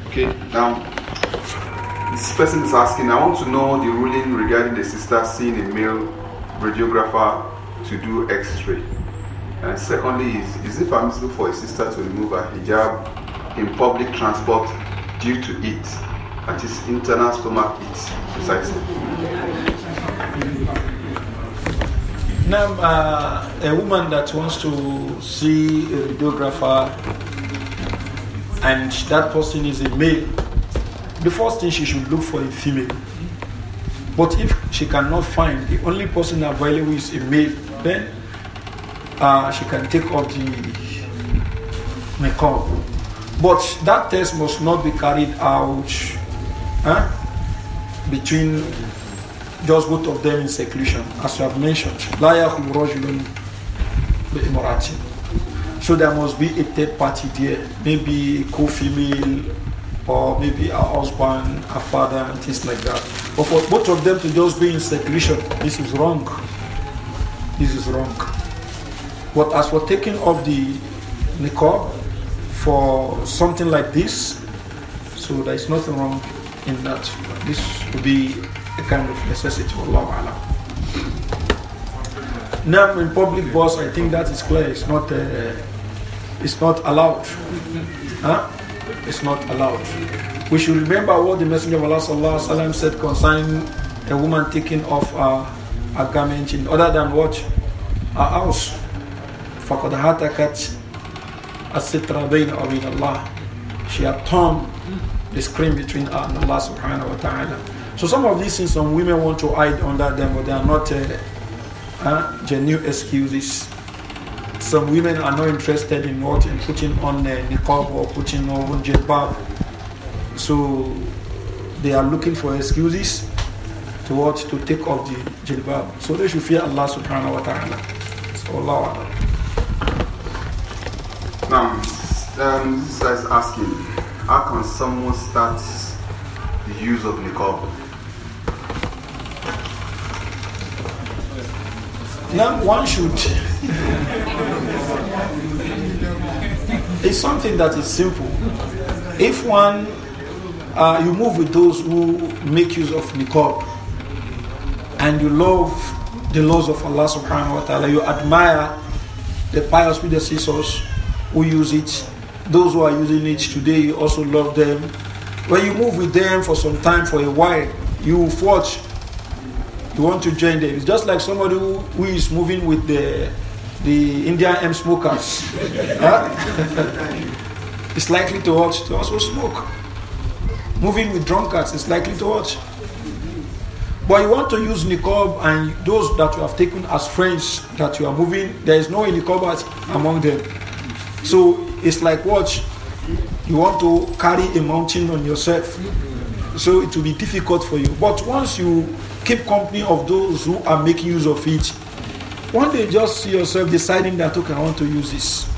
[SPEAKER 3] Okay, now this person is asking, I want to know the ruling regarding the sister seeing a male radiographer to do x-ray. And secondly, is, is it permissible for a sister to remove her hijab in public transport due to it. That is internal stomach heat, precisely.
[SPEAKER 1] Now, uh, a woman that wants to see a radiographer and that person is a male, the first thing she should look for a female. But if she cannot find the only person available is a male, then uh, she can take off the makeup. But that test must not be carried out huh, eh, between just both of them in seclusion, as you have mentioned. So there must be a third party there, maybe a co-female or maybe a husband, a father, and things like that. But for both of them to just be in seclusion, this is wrong. This is wrong. But as for taking off the niqab, for something like this. So there is nothing wrong in that. This would be a kind of necessity for Allah. Now in public bus, I think that is clear. It's not, uh, it's not allowed. Huh? It's not allowed. We should remember what the Messenger of Allah sallallahu sallam, said concerning a woman taking off a, garment in other than what? her house. As-sitra bayna وبين Allah. she had torn the screen between her and Allah subhanahu wa ta'ala so some of these things some women want to hide under them but they are not uh, uh, genuine excuses some women are not interested in what in putting on uh, niqab or putting on jilbab so they are looking for excuses to what to take off the jilbab so they should fear Allah subhanahu wa ta'ala so Allah
[SPEAKER 3] now, um, um, this guy is asking, how can someone start the use of niqab?
[SPEAKER 1] Now, one should. it's something that is simple. If one, uh, you move with those who make use of niqab, and you love the laws of Allah subhanahu wa ta'ala, you admire the pious predecessors who use it. Those who are using it today, you also love them. When you move with them for some time, for a while, you forge. You want to join them. It's just like somebody who, who is moving with the the Indian M smokers. it's likely to watch to also smoke. Moving with drunkards it's likely to watch. But you want to use Nicob and those that you have taken as friends that you are moving, there is no niqab among them. So it's like watch. you want to carry a mountain on yourself. So it will be difficult for you. But once you keep company of those who are making use of it, one day just see yourself deciding that okay, I want to use this.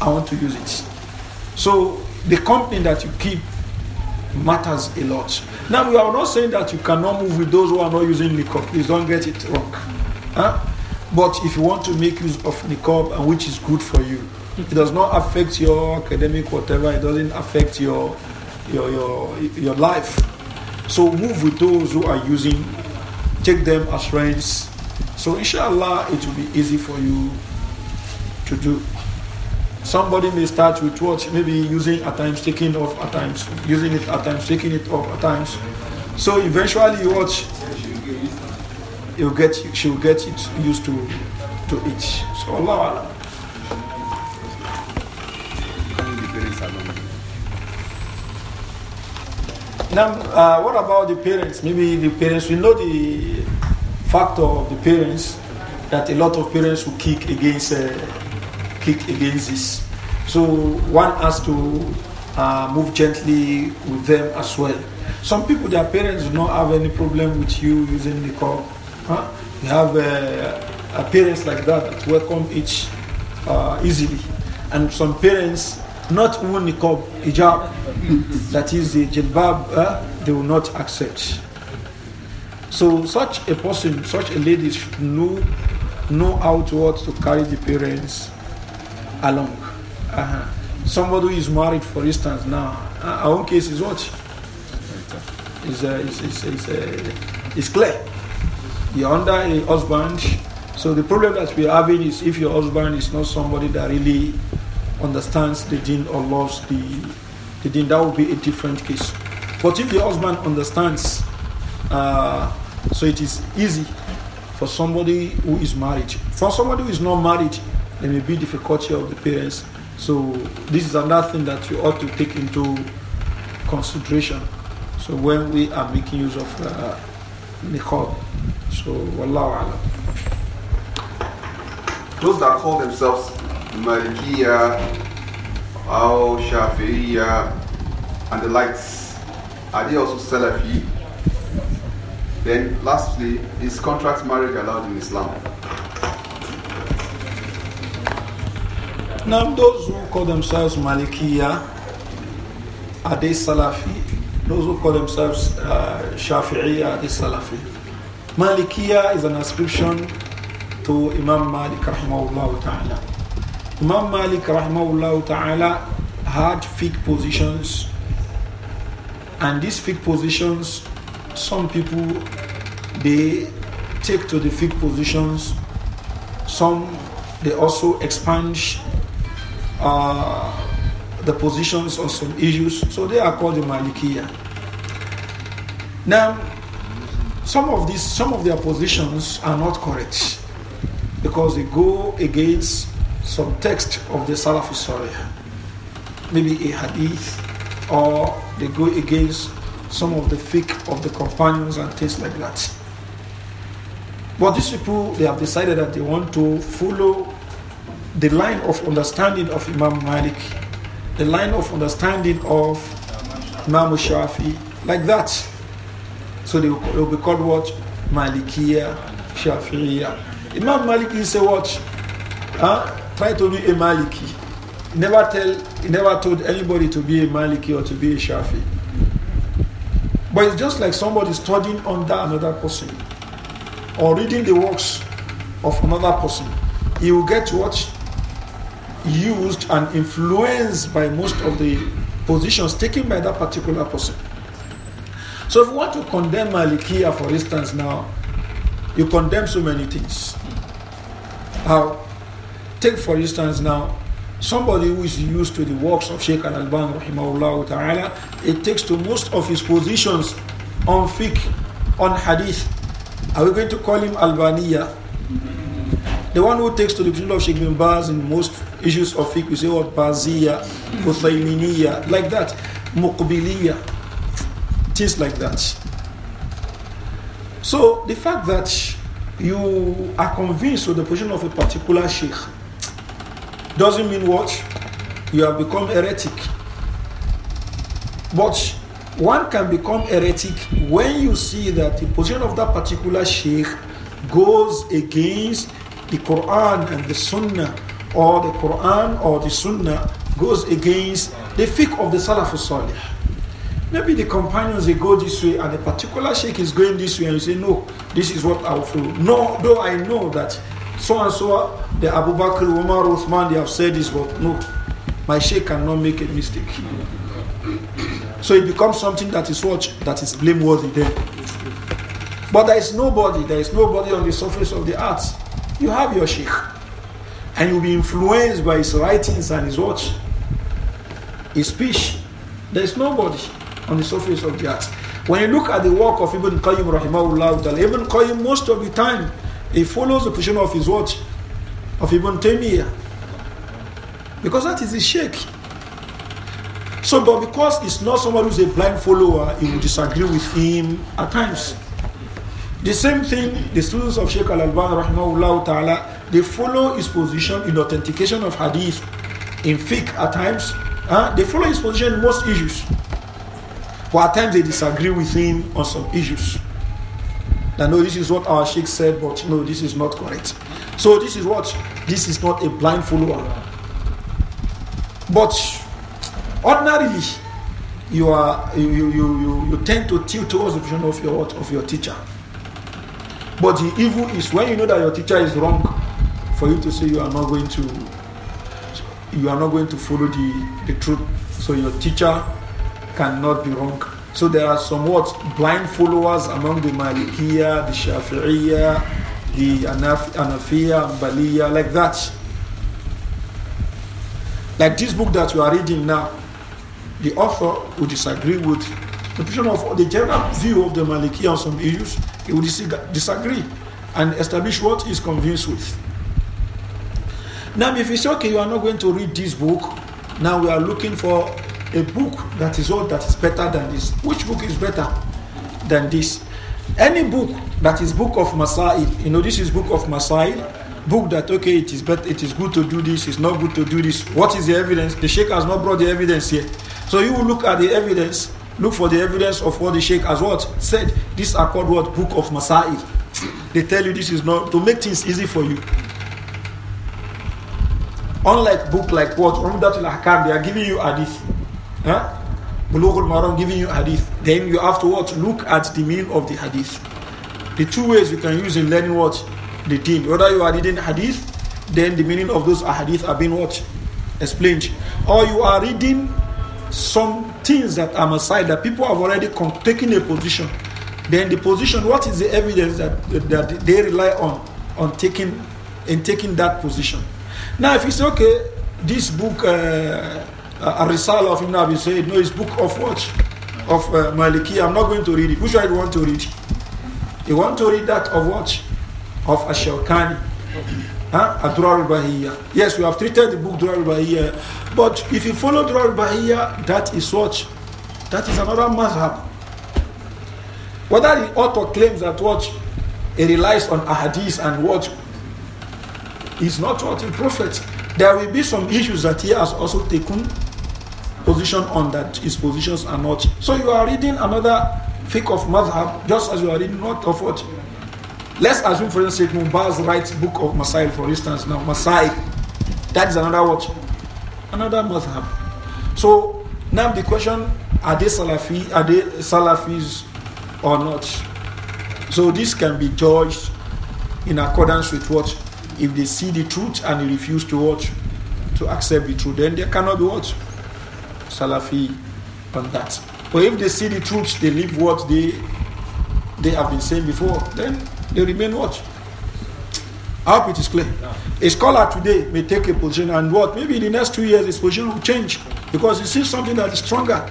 [SPEAKER 1] I want to use it. So the company that you keep matters a lot. Now we are not saying that you cannot move with those who are not using liquor. Please don't get it wrong. Huh? But if you want to make use of niqab and which is good for you, it does not affect your academic whatever, it doesn't affect your your your your life. So move with those who are using, take them as friends. So inshallah it will be easy for you to do. Somebody may start with what maybe using at times, taking off at times, using it at times, taking it off at times. So eventually you watch you get she'll get it used to to it. So Allah. Allah. Now, uh, what about the parents? Maybe the parents, we know the factor of the parents that a lot of parents will kick against, uh, kick against this. So one has to uh, move gently with them as well. Some people, their parents do not have any problem with you using the cup Huh? have uh, parents like that that welcome each uh, easily. And some parents, not only niqab, hijab, that is the jilbab, uh, they will not accept. So such a person, such a lady should know, know how to, what, to carry the parents along. Uh-huh. Somebody who is married, for instance, now, uh, our own case is what? Is, uh, is, is, is, uh, clear. You're under a husband. So the problem that we're having is if your husband is not somebody that really understands the deen or loves the, the deen, that would be a different case. But if the husband understands, uh, so it is easy for somebody who is married. For somebody who is not married, there may be difficulty of the parents. So this is another thing that you ought to take into consideration. So when we are making use of uh, niqab. So, Wallahu Alam.
[SPEAKER 3] Those that call themselves Malikiya, or Shafiya, and the likes, are they also Salafi? Then, lastly, is contract marriage allowed in Islam?
[SPEAKER 1] Now, those who call themselves Malikiya, are they Salafi? Those who call themselves uh, are they Salafi? Malikiya is an ascription to Imam Malik rahimahullah ta'ala. Imam Malik rahimahullah ta'ala had fixed positions and these fixed positions some people they take to the fixed positions some they also expand uh, the positions on some issues so they are called the Malikiya. Now some of these some of their positions are not correct because they go against some text of the Salafist Salih, maybe a hadith, or they go against some of the fiqh of the companions and things like that. But these people, they have decided that they want to follow the line of understanding of Imam Malik, the line of understanding of Imam Shafi, like that. So they will, they will be called what? Malikiya, Shafiya. Imam Malik is a watch. Huh? Try to be a Maliki. never tell, never told anybody to be a Maliki or to be a Shafi. But it's just like somebody studying under another person or reading the works of another person. He will get what used and influenced by most of the positions taken by that particular person. So if you want to condemn Malikia, for instance, now, you condemn so many things. How? Take, for instance, now, somebody who is used to the works of Sheikh Al-Alban, rahimahullah ta'ala, it takes to most of his positions on fiqh, on hadith. Are we going to call him Albania? The one who takes to the position of Sheikh bin Baz in most issues of fiqh, we say what Baziya, Uthayminiya, like that, Muqbiliya things like that. So the fact that you are convinced with the position of a particular sheikh doesn't mean what? You have become heretic. But one can become heretic when you see that the position of that particular sheikh goes against the Quran and the Sunnah, or the Quran or the Sunnah goes against the fiqh of the Salafus Salih. Maybe the companions they go this way and a particular sheikh is going this way and you say, No, this is what I will follow. No, though I know that so and so, the Abu Bakr, Umar, Uthman, they have said this, but no, my sheikh cannot make a mistake. So it becomes something that is what that is blameworthy then. But there is nobody, there is nobody on the surface of the earth. You have your sheikh, and you'll be influenced by his writings and his watch, his speech. There is nobody on the surface of the earth. When you look at the work of Ibn Qayyim rahimahullah, Ibn Qayyim most of the time he follows the position of his watch of Ibn Taymiyyah because that is the sheikh. So, but because it's not someone who's a blind follower, he will disagree with him at times. The same thing, the students of Sheikh Al Alban, rahimahullah ta'ala, they follow his position in authentication of hadith, in fiqh at times. Huh? They follow his position in most issues. But at times they disagree with him on some issues. That no, this is what our sheikh said, but no, this is not correct. So this is what this is not a blind follower. But ordinarily, you are you you you, you tend to tilt towards the vision of your of your teacher. But the evil is when you know that your teacher is wrong, for you to say you are not going to you are not going to follow the, the truth. So your teacher cannot be wrong. So there are somewhat blind followers among the Malikiya, the Shafi'iyya, the Anafiya, Baliya, like that. Like this book that you are reading now, the author would disagree with the position of the general view of the Malikiya on some issues. He would disagree and establish what he's convinced with. Now, if you say, okay, you are not going to read this book, now we are looking for a book that is all that is better than this. Which book is better than this? Any book that is book of Masail, you know, this is book of Masail, book that okay, it is but it is good to do this, it's not good to do this. What is the evidence? The Sheikh has not brought the evidence yet. So you look at the evidence, look for the evidence of what the Sheikh has what said. This are called what book of Masail. They tell you this is not to make things easy for you unlike book like what Umdatul Ahkam, they are giving you hadith. Huh? Bulughul Maram giving you hadith. Then you have to Look at the meaning of the hadith. The two ways you can use in learning what? The deen. Whether you are reading hadith, then the meaning of those hadith are being what? Explained. Or you are reading some things that are aside that people have already taken a position. Then the position, what is the evidence that, that they rely on on taking in taking that position? Now, if you say, okay, this book. Uh, uh, Risala of Ibn Abi Sayyid. No, his book of what? Of uh, Maliki. I'm not going to read it. Which one do you want to read? You want to read that of what? Of Ashokani. Huh? Yes, we have treated the book Durar al But if you follow Durar al-Bahiyya, is what? That is another mazhab. Whether the author claims that what he relies on ahadith and what is not what the prophet, there will be some issues that he has also taken position on that his positions are not. So you are reading another fake of madhab just as you are reading not of what. Let's assume, for instance, Mumbaz writes book of Masail, for instance. Now, Masail, that is another what? Another madhab. So now the question: Are they Salafi? Are they Salafis or not? So this can be judged in accordance with what if they see the truth and they refuse to what to accept the truth, then there cannot be what Salafi on that. But if they see the truth, they leave what they they have been saying before, then they remain what? I hope it is clear. A scholar today may take a position and what? Maybe in the next two years his position will change because he sees something that is stronger.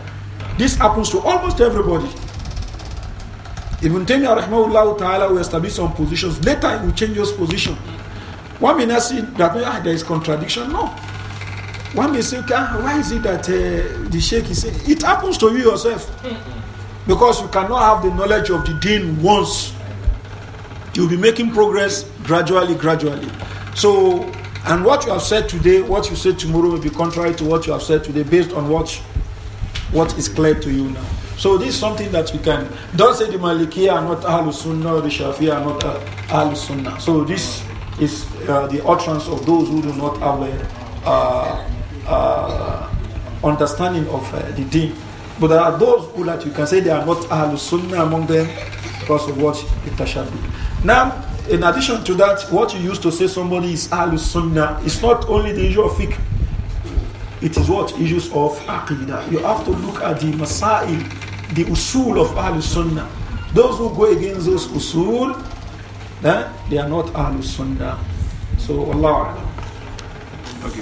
[SPEAKER 1] This happens to almost everybody. Ibn Taymiyyah rahmahullah ta'ala will establish some positions. Later he will change his position. One may not see that ah, there is contradiction. No. One may say, ah, why is it that uh, the sheikh is saying it happens to you yourself? Because you cannot have the knowledge of the deen once. You'll be making progress gradually, gradually. So, and what you have said today, what you say tomorrow will be contrary to what you have said today based on what, what is clear to you now. So this is something that we can. Don't say the Maliki are not Ahlul Sunnah the Shafi are not uh, Ahlul Sunnah. So this is uh, the utterance of those who do not have a, uh, uh, understanding of uh, the deen. But there are those who that you can say they are not alusunna Sunnah among them because of what the be. Now, in addition to that, what you used to say somebody is alusunna Sunnah is not only the issue of fiqh, it is what issues of aqidah. You have to look at the masail, the usul of alusunna. Sunnah. Those who go against those usul, eh, they are not alusunna. Sunnah. So, Allah. Okay.